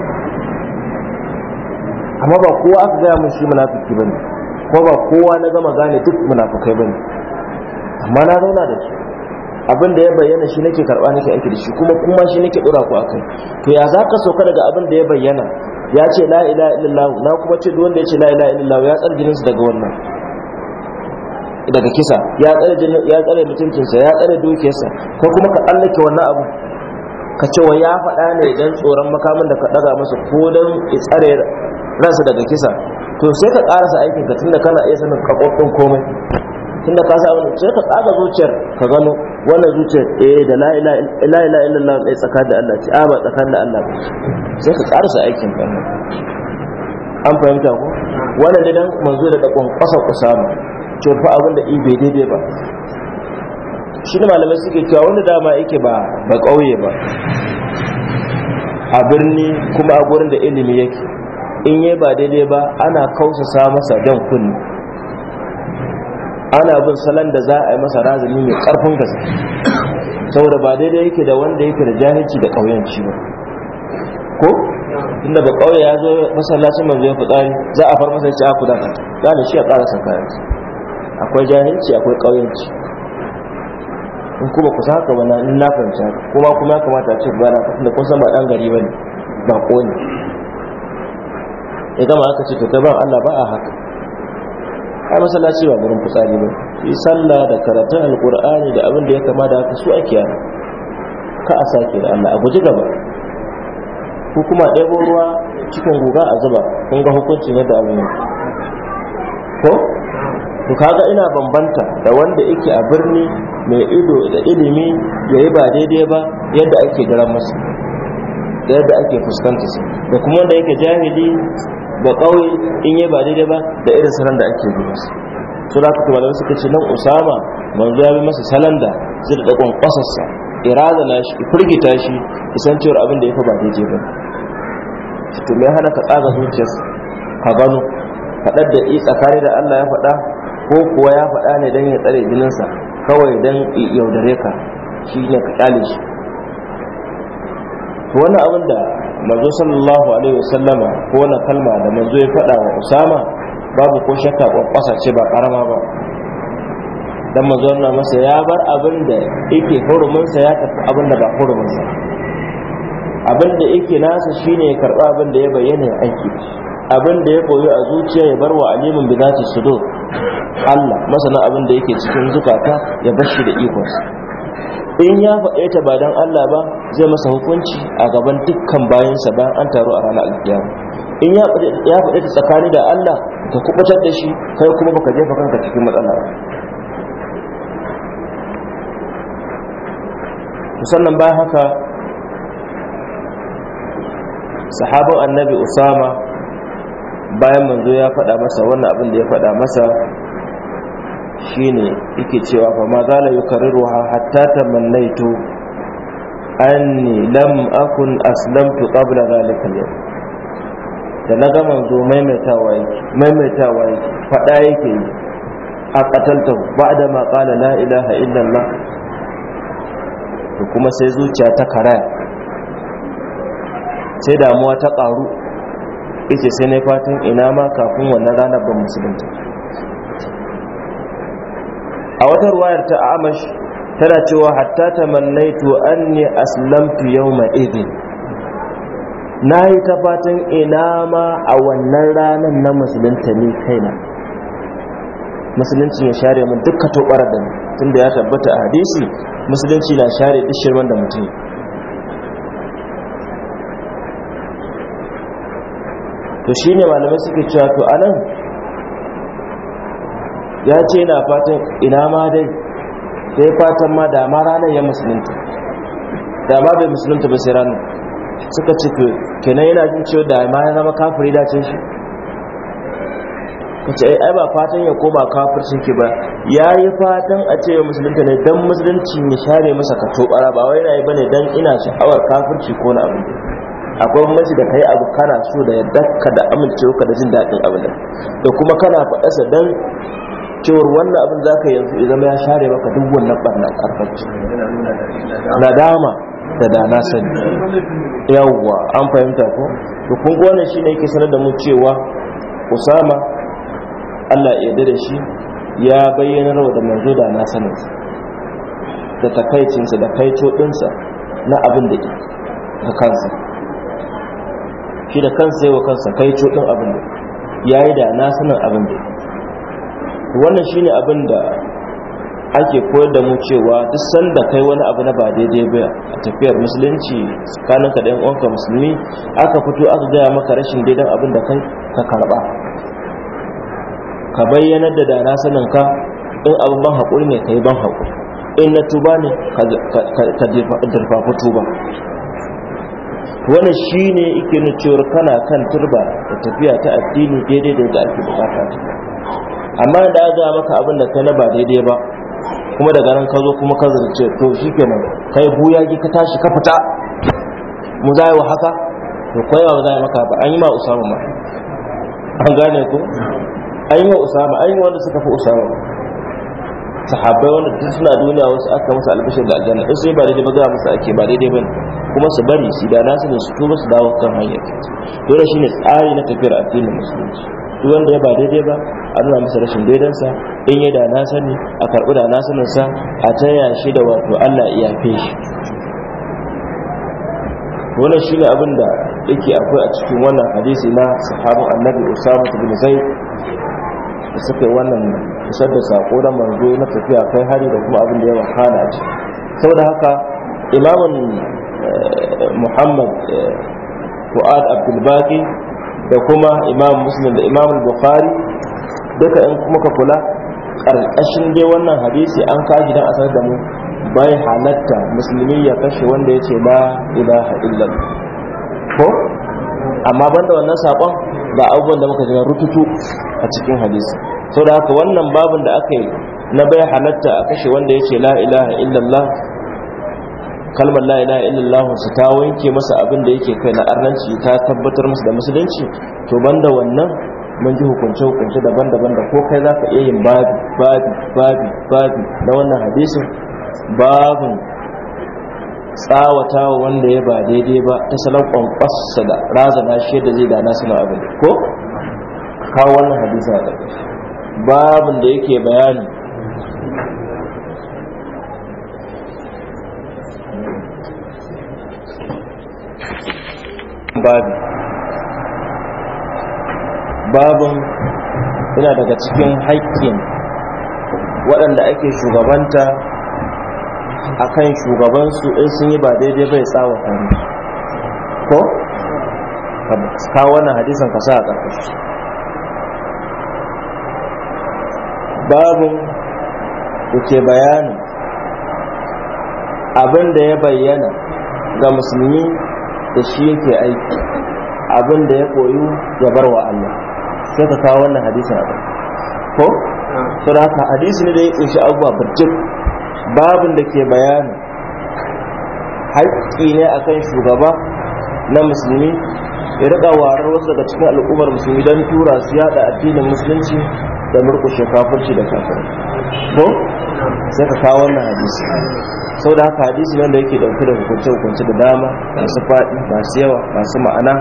amma ba kowa aka gaya mun shi munafiki bane ko ba kowa na gama gane duk munafukai bane amma na zauna da shi abin da ya bayyana shi nake karba nake aiki da shi kuma kuma shi nake dora ku akai to ya zaka sauka daga abin da ya bayyana ya ce la ilaha illallah na kuma ce duk wanda ya ce la ilaha illallah ya tsare jinin daga wannan daga kisa ya tsare ya tsare mutuncinsa ya tsare dukiyarsa ko kuma ka tsallake wannan abu ka ce wa ya faɗa ne dan tsoron makamin da ka ɗaga masa ko don ya tsare ransa daga kisa to sai ka karasa aikin ka tunda kana iya sanin kakwakwun komai tunda ka samu sai ka tsaga zuciyar ka gano wannan zuciyar eh da la ilaha illallah eh tsakanin da Allah ce a ba tsakanin da Allah sai ka karasa aikin ka an fahimta ko wannan dan manzo da dakon kwasa kusa mu to fa abin da ibe daidai ba shi ne malamai suke cewa wani dama yake ba ba kauye ba a birni kuma a gurin da ilimi yake in yi ba daidai ba ana kausasa masa jan kunni ana bin salon da za a yi masa razumi mai karfin gasa. saboda ba daidai yake da wanda yake da jahilci da ƙauyanci ba ko inda ba ƙauye ya zo masallacin manzo ya fitsari za a far masa ya ci aku ah, da kanta ne shi ya ƙara san kayan akwai jahilci akwai ƙauyanci in kuma ku sa haka bana in na haka, kuma kuma kamata a ce ba na da kun san ba ɗan gari ba ne ba ko ne ya gama aka ce to kai ban Allah ba a haka ai masallaci ba gurin fitsari ba yi sallah da karatun alqur'ani da abin da ya kama da haka su ake yana ka a sake da Allah a guji gaba ko kuma ɗebo ruwa cikin guga a zuba kun ga hukuncin yadda abin ko to kaga ina bambanta da wanda yake a birni mai ido da ilimi ya yi ba daidai ba yadda ake garan masa da yadda ake fuskanta su da kuma wanda yake jahili ba kawai in yi ba daidai ba da irin salon da ake bi masa su da kuma malamai suka ce nan usama manzo ya bi masa salon da zai da dakon kwasassa irada na shi firgita shi isan cewar abin da ya fa ba daidai ba to me hana ka tsaga zuciyarsa ka gano faɗar da i tsakani da Allah ya faɗa ko kuwa ya faɗa ne don ya tsare jininsa kawai don yaudare ka shi ne ka ƙyale shi abin da manzo sallallahu alaihi wasallama ko na kalma da manzo ya fada wa usama babu ko shakka kwakwasa ce ba karama ba dan manzo na masa ya bar abin da yake sa ya tafi abin da ba sa. abin da yake nasa shine ya karba abin da ya bayyana ya aiki abin da ya koyi a zuciya ya bar wa alimin bi zati sudur Allah masana abin da yake cikin zukata ya bar shi da ikonsa in ya faɗe ta ba don Allah ba zai masa hukunci a gaban dukkan bayansa bayan an taru a rana alkiyama in ya faɗe ta tsakani da Allah ka kubutar da shi kai kuma baka jefa kanka cikin matsala musamman bayan haka sahabin annabi usama bayan manzo ya faɗa masa wannan abin da ya faɗa masa shine yake cewa fa ma zala yukarriruha hatta tamannaitu anni lam akun aslamtu qabla zalika al da na gama zo maimaitawa yake faɗa yake yi a qatalta ba'da ma qala la ilaha illallah. to kuma sai zuciya ta karaya sai damuwa ta karu yace sai na fatan ina ma kafin wannan ranar ba musulunta a wata ruwayar ta amash tana cewa hatta tamannaitu anni aslamtu yawma idin na yi ta fatan ina ma a wannan ranar na musulunta ne kaina musulunci ya share min dukkan tobarar da tunda ya tabbata a hadisi musulunci na share duk shirman da mutum to shine malamai suke cewa to anan ya ce yana fatan ina ma dai sai fatan ma da ma ranar ya musulunta da ma bai musulunta ba sai ranar suka ce to kenan yana jin cewa da ma ya zama kafiri da ce shi ka ce ai ba fatan ya koma kafircin ki ba ya yi fatan a ce ya musulunta ne dan musulunci ya share masa ka bara ba wai yana yi bane dan ina sha'awar kafirci ko na abin akwai mace da kai abu kana so da yadda ka da amincewa ka da jin daɗin abin da kuma kana faɗasa dan cewar wannan abin za ka yanzu idan ya share maka duk wannan ɓarnar ƙarfarci na dama da dana sani yawwa an fahimta ko to kun wannan shi ne yake sanar da mu cewa usama allah ya da shi ya bayyana da manzo da na saninsa da takaicinsa da kaito ɗinsa na abin da ga kansa shi da kansa yi wa kansa kaito ɗin abin da ya yi da na sanin abin da wannan shine abin da ake koyar da mu cewa duk sanda kai wani abu na ba daidai ba a tafiyar musulunci tsakanin ka da uwanka musulmi aka fito aka gaya maka rashin daidan abin da kai ka karba ka bayyana da dana sanin ka in abin ban haƙuri ne kai ban haƙuri in na tuba ne ka ku tuba wannan shine yake nuna cewa kana kan turba da tafiya ta addini daidai da ake bukata ta amma da ga maka abin da kai na ba daidai ba kuma daga nan ka zo kuma ka zarce to shikenan kai buya gi ka tashi ka fita mu zai wa haka to kai ba zai maka ba an yi ma usama ma an gane ko an yi wa usama an yi wanda suka fi usama sahabbai wanda duk suna duniya wasu aka musu albishir da aljanna in sai ba daidai ba ga musu ake ba daidai ba kuma su bari su da nasu ne su tuba su dawo kan hanyar Dole shine tsari na tafiyar addinin musulunci duk wanda ya ba daidai ba a nuna masa rashin daidansa in yi da na sani a karɓi da na saninsa a taya shi da wato Allah iya fi shi wani shi ne abin da yake akwai a cikin wannan hadisi na sahabin annabi usama bin Zai da suka yi wannan kusa da sako na manzo na tafiya kai hari da kuma abin da ya wahala ce saboda haka imamun eh, muhammad eh, fuad abdulbaki da kuma imam muslim da imam bukhari duka in kuma ka kula ƙarƙashin dai wannan hadisi an kaji dan a sanar da mu bai halatta musulmi ya kashe wanda ya ce la ilaha illallah ko amma banda wannan sakon ga abubuwan da muka jira rututu a cikin hadisi saboda da haka wannan babin da aka yi na bai halatta a kashe wanda ya ce la ilaha illallah kalmar la ilaha illallah su ta wanke masa abin da yake kai na arnanci ta tabbatar masa da musulunci to banda wannan mun ji hukunce hukunce daban-daban da ko kai za ka iya yin babi babi babi babi na wannan hadisin babin tsawatawa wanda ya ba daidai ba ta salon kwankwasa da razana shi da zai dana suna abin ko kawo wannan hadisa da babin da yake bayani babi babin yana daga cikin haƙƙin waɗanda ake shugabanta a kan shugabansu in sun yi ba daidai bai tsawon hannu ko? ka wannan hadisan ka sa a ƙarƙashi babin da ke bayanin abin da ya bayyana ga musulmi da shi yake aiki abin da ya koyu ya bar wa Allah sai ka kawo wannan hadisin abin ko sun haka hadisi ne da ya tsinci abubuwa birjik babin da ke bayani haƙƙi ne akan shugaba na musulmi ya riƙa warar wasu daga cikin al'ummar musulmi don tura su yada addinin musulunci da murkushe kafirci da kafir ko sai ka kawo wannan hadisi sau da haka hadisi wanda yake dauke da hukunce-hukunce da dama masu faɗi masu yawa masu ma'ana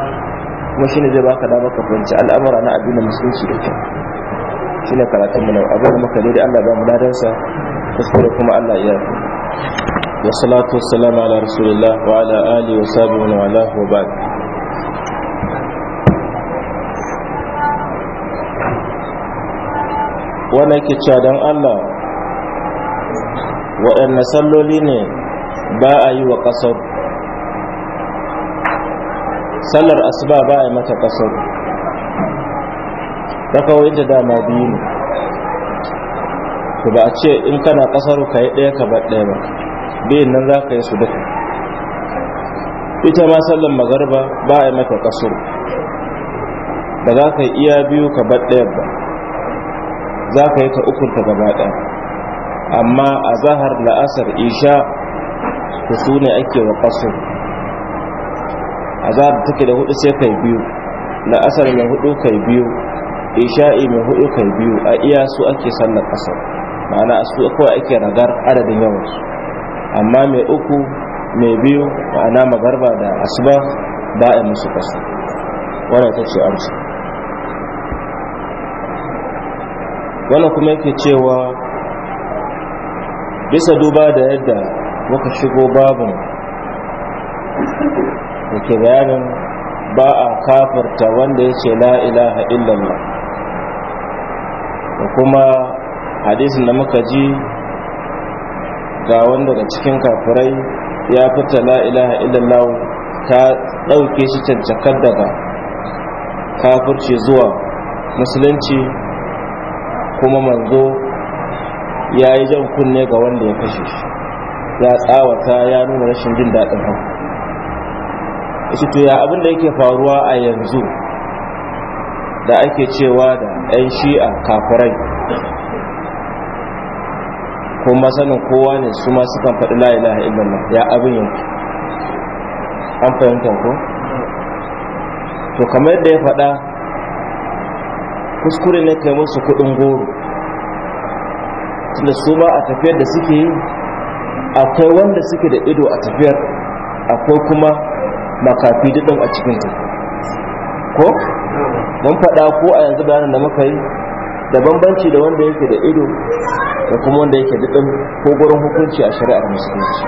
kuma shine zai baka dama ka fahimci al'amura na addinin musulunci da kyau shine karatun mu na abin muka ne da Allah ba mu ladansa kuskure kuma Allah ya wa salatu wassalamu ala rasulillah wa ala alihi wa sahbihi wa ala wa ba'd wannan ke cewa don Allah waɗanne salloli ne ba a yi wa ƙasar sallar asuba ba a yi mata ƙasar na kawai da dama biyu ne to ba a ce in kana ƙasar ka yi ɗaya ka bar ɗaya ba biyun nan za ka yi su duka ita ma sallar magarba ba a yi mata ƙasar ba za ka yi iya biyu ka bar ɗaya ba za ka yi ta ukunta gaba ɗaya amma a zahar la'asar isha ku su ne ake wa ƙasar a zahar take da hudu sai kai biyu la'asar mai hudu kai biyu isha'i mai hudu kai biyu a iya su ake sallar ƙasar ma'ana a su kawai ake ragar adadin yawansu amma mai uku mai biyu ma'ana magarba da asuba ba a musu ƙasar wannan ita ce amsa Wani kuma yake cewa bisa duba da yadda muka shigo babin da ke bayanin ba a kafarta wanda ya ce la'ilaha illallah da kuma hadisin da muka ji ga wanda daga cikin kafirai ya fita la'ilaha illallah ta ɗauke shi cancakar daga kafirci zuwa musulunci kuma manzo ya yi jan kunne ga wanda ya kashe shi ya tsawata ya nuna rashin jin daɗin hau shi to ya abin yake faruwa a yanzu da ake cewa da 'yan shi'a kafirai kuma sanin kowa ne su ma kan faɗi la illallah ya abin yanki an fahimta ko to kamar yadda ya faɗa kuskure ne kai musu kudin goro tunda su ba a tafiyar da suke yi akwai wanda suke da ido a tafiyar akwai kuma makafi dudin a cikin ta ko mun faɗa ko a yanzu bayanin da muka yi da bambanci da wanda yake da ido da kuma wanda yake dudin ko gurin hukunci a shari'ar musulunci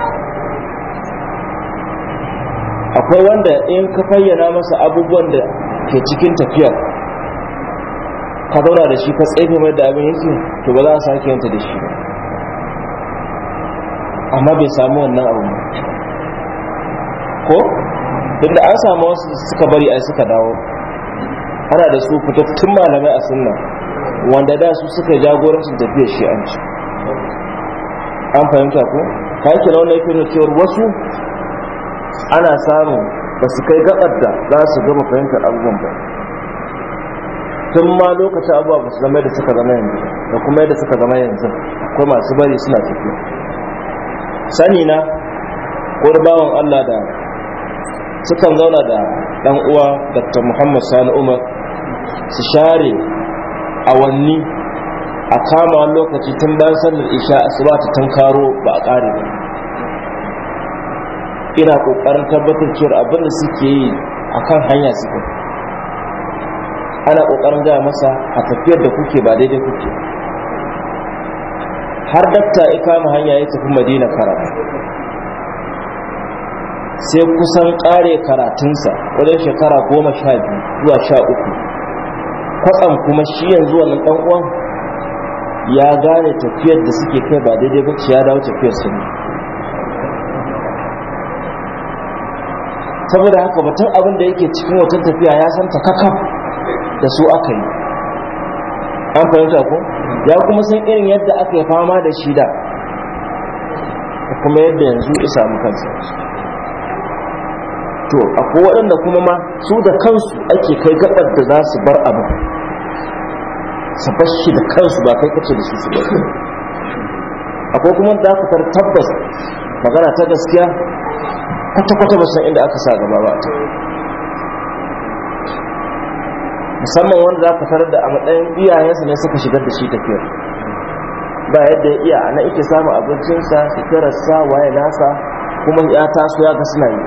akwai wanda in ka fayyana masa abubuwan da ke cikin tafiyar ka zauna da shi ka tsefe mai da abin yake to ba za a sake yanta da shi ba amma bai samu wannan abu ba ko inda an samu wasu suka bari a suka dawo ana da su fitattun malamai a sunna wanda da su suka da tafiyar shi an ci, an fahimta ko ka yake na wani yake cewar wasu ana samu ba su kai gabar da za su gama fahimtar abubuwan ba tun ma lokacin abuwa ba su zama da suka zama yanzu da kuma yadda suka zama yanzu ko masu bari suna tafiya sani na bawan allah da sukan zauna da 'ɗan uwa dr muhammad sani umar su share awanni a kama lokaci tun bayan sallar isha asuba ta karo ba a kare ba ina ƙoƙarin tabbatar cewa abinda da suke yi akan hanya suke ana ƙoƙarin gaya masa a tafiyar da kuke ba daidai kuke har dakta ya kama hanya ya tafi madina karatu sai kusan kare karatunsa wajen shekara goma sha biyu zuwa sha uku kwatsam kuma shi yanzu wannan dan uwan ya gane tafiyar da suke kai ba daidai ba ya dawo tafiyar ne saboda haka batun abin da yake cikin wata tafiya ya san ta da su aka yi an fahimta ko ya kuma san irin yadda aka yi fama da shi da kuma yadda yanzu ya samu kansa to akwai waɗanda kuma ma su da kansu ake kai gabar da za su bar abu su bar shi da kansu ba kai kace da su su bar akwai kuma da aka tabbas magana ta gaskiya kwata-kwata ba san inda aka sa gaba ba ta musamman wanda za ka tarar da a matsayin iyayensa ne suka shigar da shi tafiyar ba yadda ya iya ana ike samun abincinsa su tarasa waye nasa kuma ya taso ya ga suna yi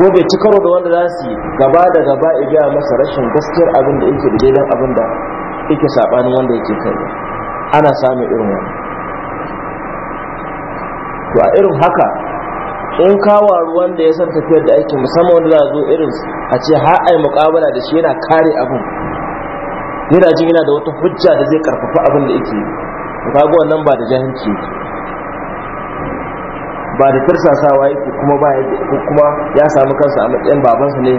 ko bai ci karo da wanda za su yi gaba da gaba ya gaya masa rashin gaskiyar abin da yake da daidan abin da yake saɓanin wanda yake kai ana samun irin wani to a irin haka in kawo ruwan da ya san tafiyar da aikin musamman wanda za a zo irin a ce ha ai muƙabala da shi yana kare abin yana jin yana da wata hujja da zai karfafa abin da yake kaga wannan ba da jahilci ba da tirsasawa yake kuma ba kuma ya samu kansa a matsayin babansa ne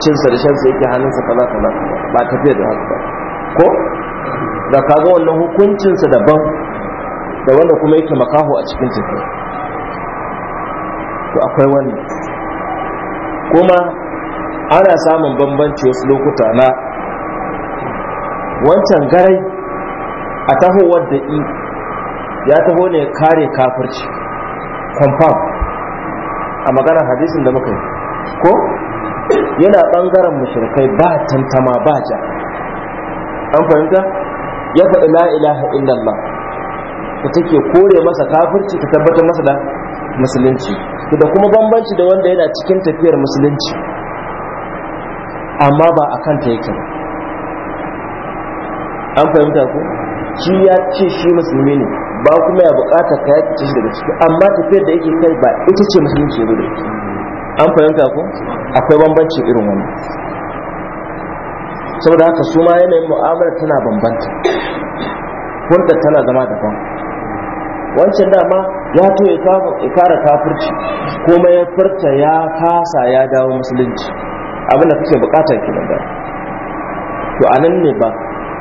cinsa da shansa yake hannunsa kaza kaza ba tafiya da haka ba ko da kaga wannan hukuncinsa daban da wanda kuma yake makaho a cikin tafiya to akwai wannan kuma ana samun bambanci wasu lokuta na wancan garai a tahowar da i ya taho ne kare kafirci kwamfam a maganar hadisin da muka yi ko yana bangaren mashirkai ba tantama ba ja an fahimta ya faɗi la illallah da take kore masa kafirci ta tabbatar masa da musulunci da kuma bambanci da wanda yana cikin tafiyar musulunci amma ba a kanta yake an fahimta ku shi ya ce shi musulmi ne ba kuma ya bukata ka yaki shi daga ciki amma tafiyar da yake kai ba ita ce musulunci ya gudu an fahimta ku akwai bambanci irin wannan saboda haka su ma yanayin mu'amala tana bambanta hulɗar tana zama daban wancan dama ya to ya kara kafirci kuma ya furta ya kasa ya dawo musulunci abinda kake bukata kenan da to anan ne ba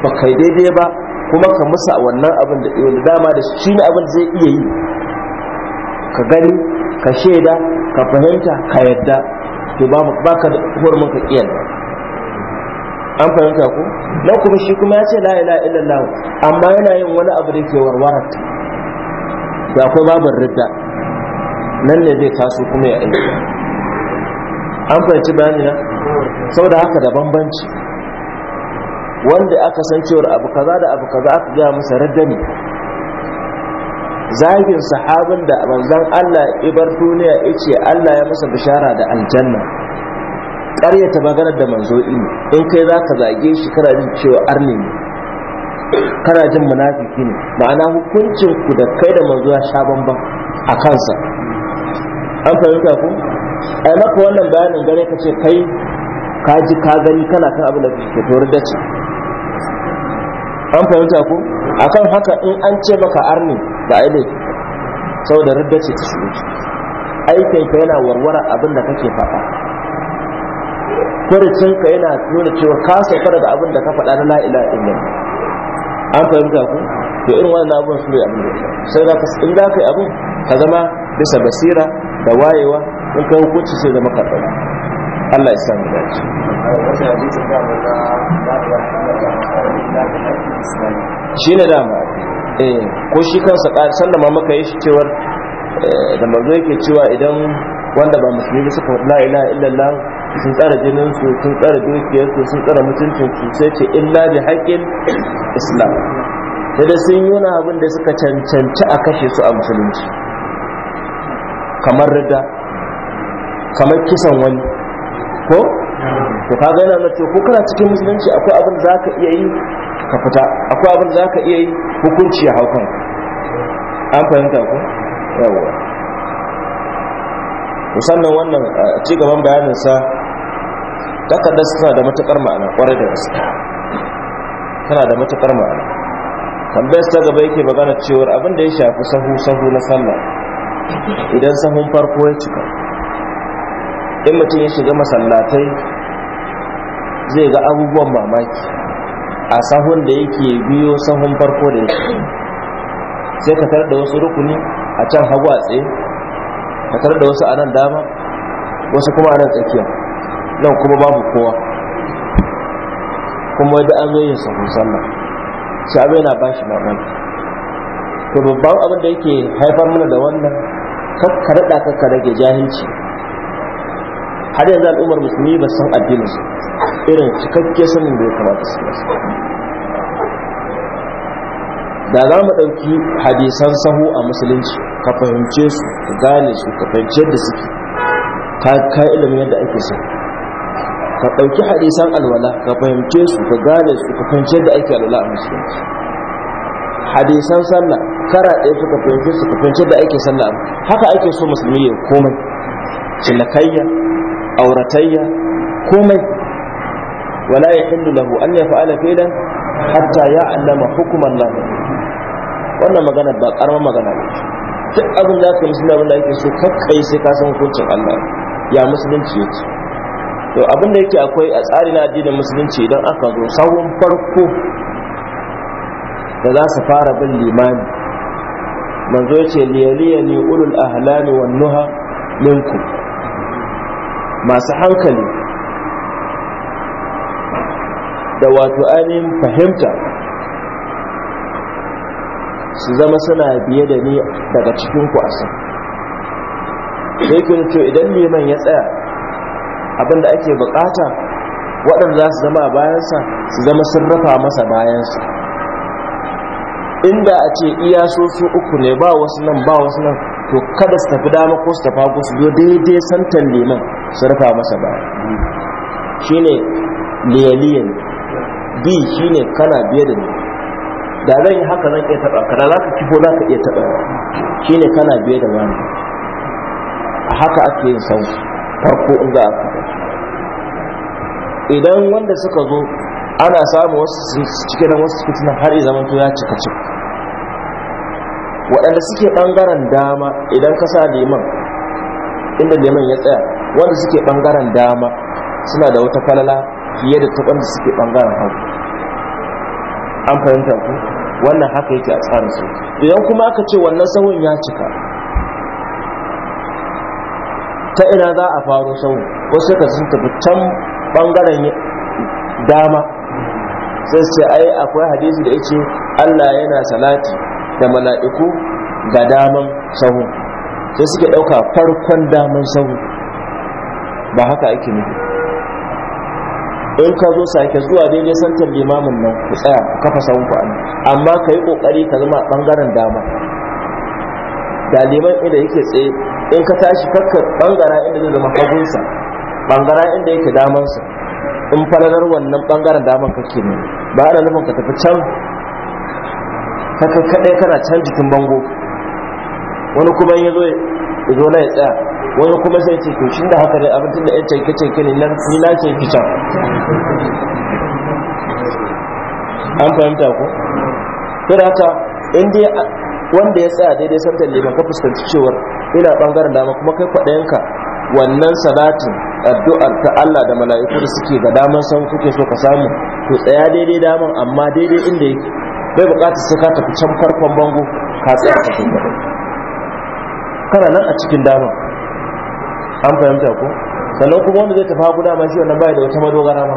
ba kai daidai ba kuma ka musa wannan abin da yau da dama da shi ne abin zai iya yi ka gani ka shaida ka fahimta ka yadda to ba ka da hurumin ka kiyan an fahimta ko na kuma shi kuma ya ce la ilaha illallah amma yana yin wani abu da ke warwararta to akwai babin ridda nan ne zai taso kuma ya aiki an fahimci bayani na saboda haka da bambanci wanda aka san cewar abu kaza da abu kaza aka gaya masa radda ne zagin sahabin da manzon Allah ibar duniya yace Allah ya masa bishara da aljanna ƙaryata maganar da manzo in kai zaka zage shi kana jin cewa arni ne kana jin munafiki ne ma'ana hukuncin ku da kai da manzo ya sha bamban a kansa an fahimta ku ai maka wannan bayanin gare ka ce kai ka ji ka gani kana kan abin da kake tori da ce an fahimta ku akan haka in an ce maka arni ba ai laifi saboda ridda ce ta shigo aikin ka yana warware abin da kake faɗa furucin ka yana nuna cewa ka sauka daga abin da ka faɗa na la'ila illallah an fahimta ku to irin wannan abubuwan su ne abin da sai za ka in za ka yi abin ka zama bisa basira da wayewa in ka hukunci sai zama karɓar Allah ya samu dace shi ne dama eh ko shi kansa ƙari sannan ma maka yi shi cewar eh, da manzo yake cewa idan wanda ba musulmi suka la ilaha illallah sun tsara jinin su sun tsara dukiyar su sun tsara mutuncin su sai ce illa bi haƙƙin islam sai da sun yi wani abin da suka cancanci a kashe su a musulunci kamar rida kamar kisan wani ko to kaga yana nuna ko kana cikin musulunci akwai abin za ka iya yi ka fita akwai abin za ka iya yi hukunci ya hau an fahimta ku yawwa musamman wannan ci gaban bayaninsa takardar suna da matukar ma'ana kwarai da gaske tana da matukar ma'ana tambayar ta gaba yake magana cewar abin da ya shafi sahu sahu na sallah idan sahun farko ya cika in mutum ya shiga masallatai zai ga abubuwan mamaki a sahun da yake biyo sahun farko da yake sai ka tarar da wasu rukuni a can hagu a tsaye ka tarar da wasu a nan dama wasu kuma a nan tsakiya nan kuma babu kowa kuma da an zoyin sahun sallah shi abin yana ba shi mamaki to babban abin da yake haifar mana da wannan kakkarɗa kakka ke jahilci har yanzu al'ummar musulmi ba san addinin su irin cikakke sanin da ya kamata su yasa. da za mu ɗauki hadisan sahu a musulunci ka fahimce su ka gane su ka fahimce da suke ka ka ilimin yadda ake sahu ka ɗauki hadisan alwala ka fahimce su ka gane su ka fahimce da ake alwala a musulunci hadisan sallah kara ɗaya su ka fahimce su ka fahimce da ake sallah haka ake so musulmi ya komai cinikayya auratayya komai wala ya hindu lahu an ya fa'ala da, hatta ya allama hukuman lahu wannan magana ba karamar magana ba duk abin da aka musulmi abin da ake so kakkai sai ka san hukuncin Allah ya musulunci yake to abin da yake akwai a tsari na addinin musulunci idan aka zo sahun farko da za su fara bin limani manzo ce liyaliya ne ulul ahlani wa nuha minku masu hankali da wato ainihin fahimta su zama suna biye da ni daga cikinku a san sai to idan liman ya tsaya abin da ake bukata waɗanda za su zama a bayansa su zama sun rafa masa bayansa inda a ce iya so su uku ne ba wasu nan ba wasu nan to kada su tafi dama ko su tafi hagu su zo daidai santan liman su rafa masa baya shi ne liyaliyan bi ne kana biye da ne da zan yi haka zan iya taɓa kada za ka kifo za ka iya taɓa ne kana biye da wani a haka ake yin sau farko in za a fita idan wanda suka zo ana samu wasu cikin wasu fitina har yi zaman to ya cika cik waɗanda suke ɓangaren dama idan ka sa liman inda liman ya tsaya wanda suke ɓangaren dama suna da wata falala fiye da ta wanda suke ɓangaren hagu an fahimta ku wannan haka yake a tsarin su idan kuma aka ce wannan sahun ya cika ta ina za a faro sahun wasu ka sun tafi can bangaren dama sai ce ai akwai hadisi da yake Allah yana salati da mala'iku ga daman sahu sai suke dauka farkon daman sahu ba haka ake nufi in ka zo sake zuwa daidai santar limamin nan ku tsaya ku kafa sahu ku amma ka yi kokari ka zama bangaren dama da liman inda yake tsaye in ka tashi kakka bangara inda zai zama hagunsa bangaren inda yake damansa in falalar wannan bangaren daman kake ne ba ana nufin ka tafi can haka kaɗai kana can jikin bango wani kuma ya zo ya zo na ya tsaya wani kuma sai ce to shin da haka ne abin da ya ceke ceke ne na na ce ki can an fahimta ko to da haka in dai wanda ya tsaya daidai santan ne, ka fuskanci cewar ina bangaren dama kuma kai kwaɗayenka wannan salatin addu'ar ta Allah da mala'iku da suke ga daman san kuke so ka samu to tsaya daidai daman amma daidai inda yake bai bukata sai ka tafi can farkon bango ka tsaya ka tafi kana nan a cikin daman an fahimta ko sannan kuma wanda zai tafi hagu dama shi wannan bai da wata madogara ma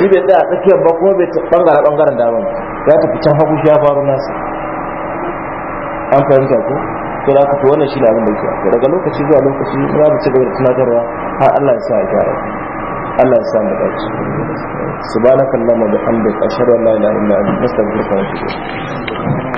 shi bai tsaya tsakiyar ba kuma bai bangara bangaren daman ya tafi can hagu shi ya faru nasa an fahimta ko to da ku wannan shi ne abin da yake akwai daga lokaci zuwa lokaci za mu ci gaba da tunatarwa har Allah ya sa a gyara Allah ya sa mu dace subhanakallahumma wa bihamdika ashhadu an la ilaha illa anta astaghfiruka wa atubu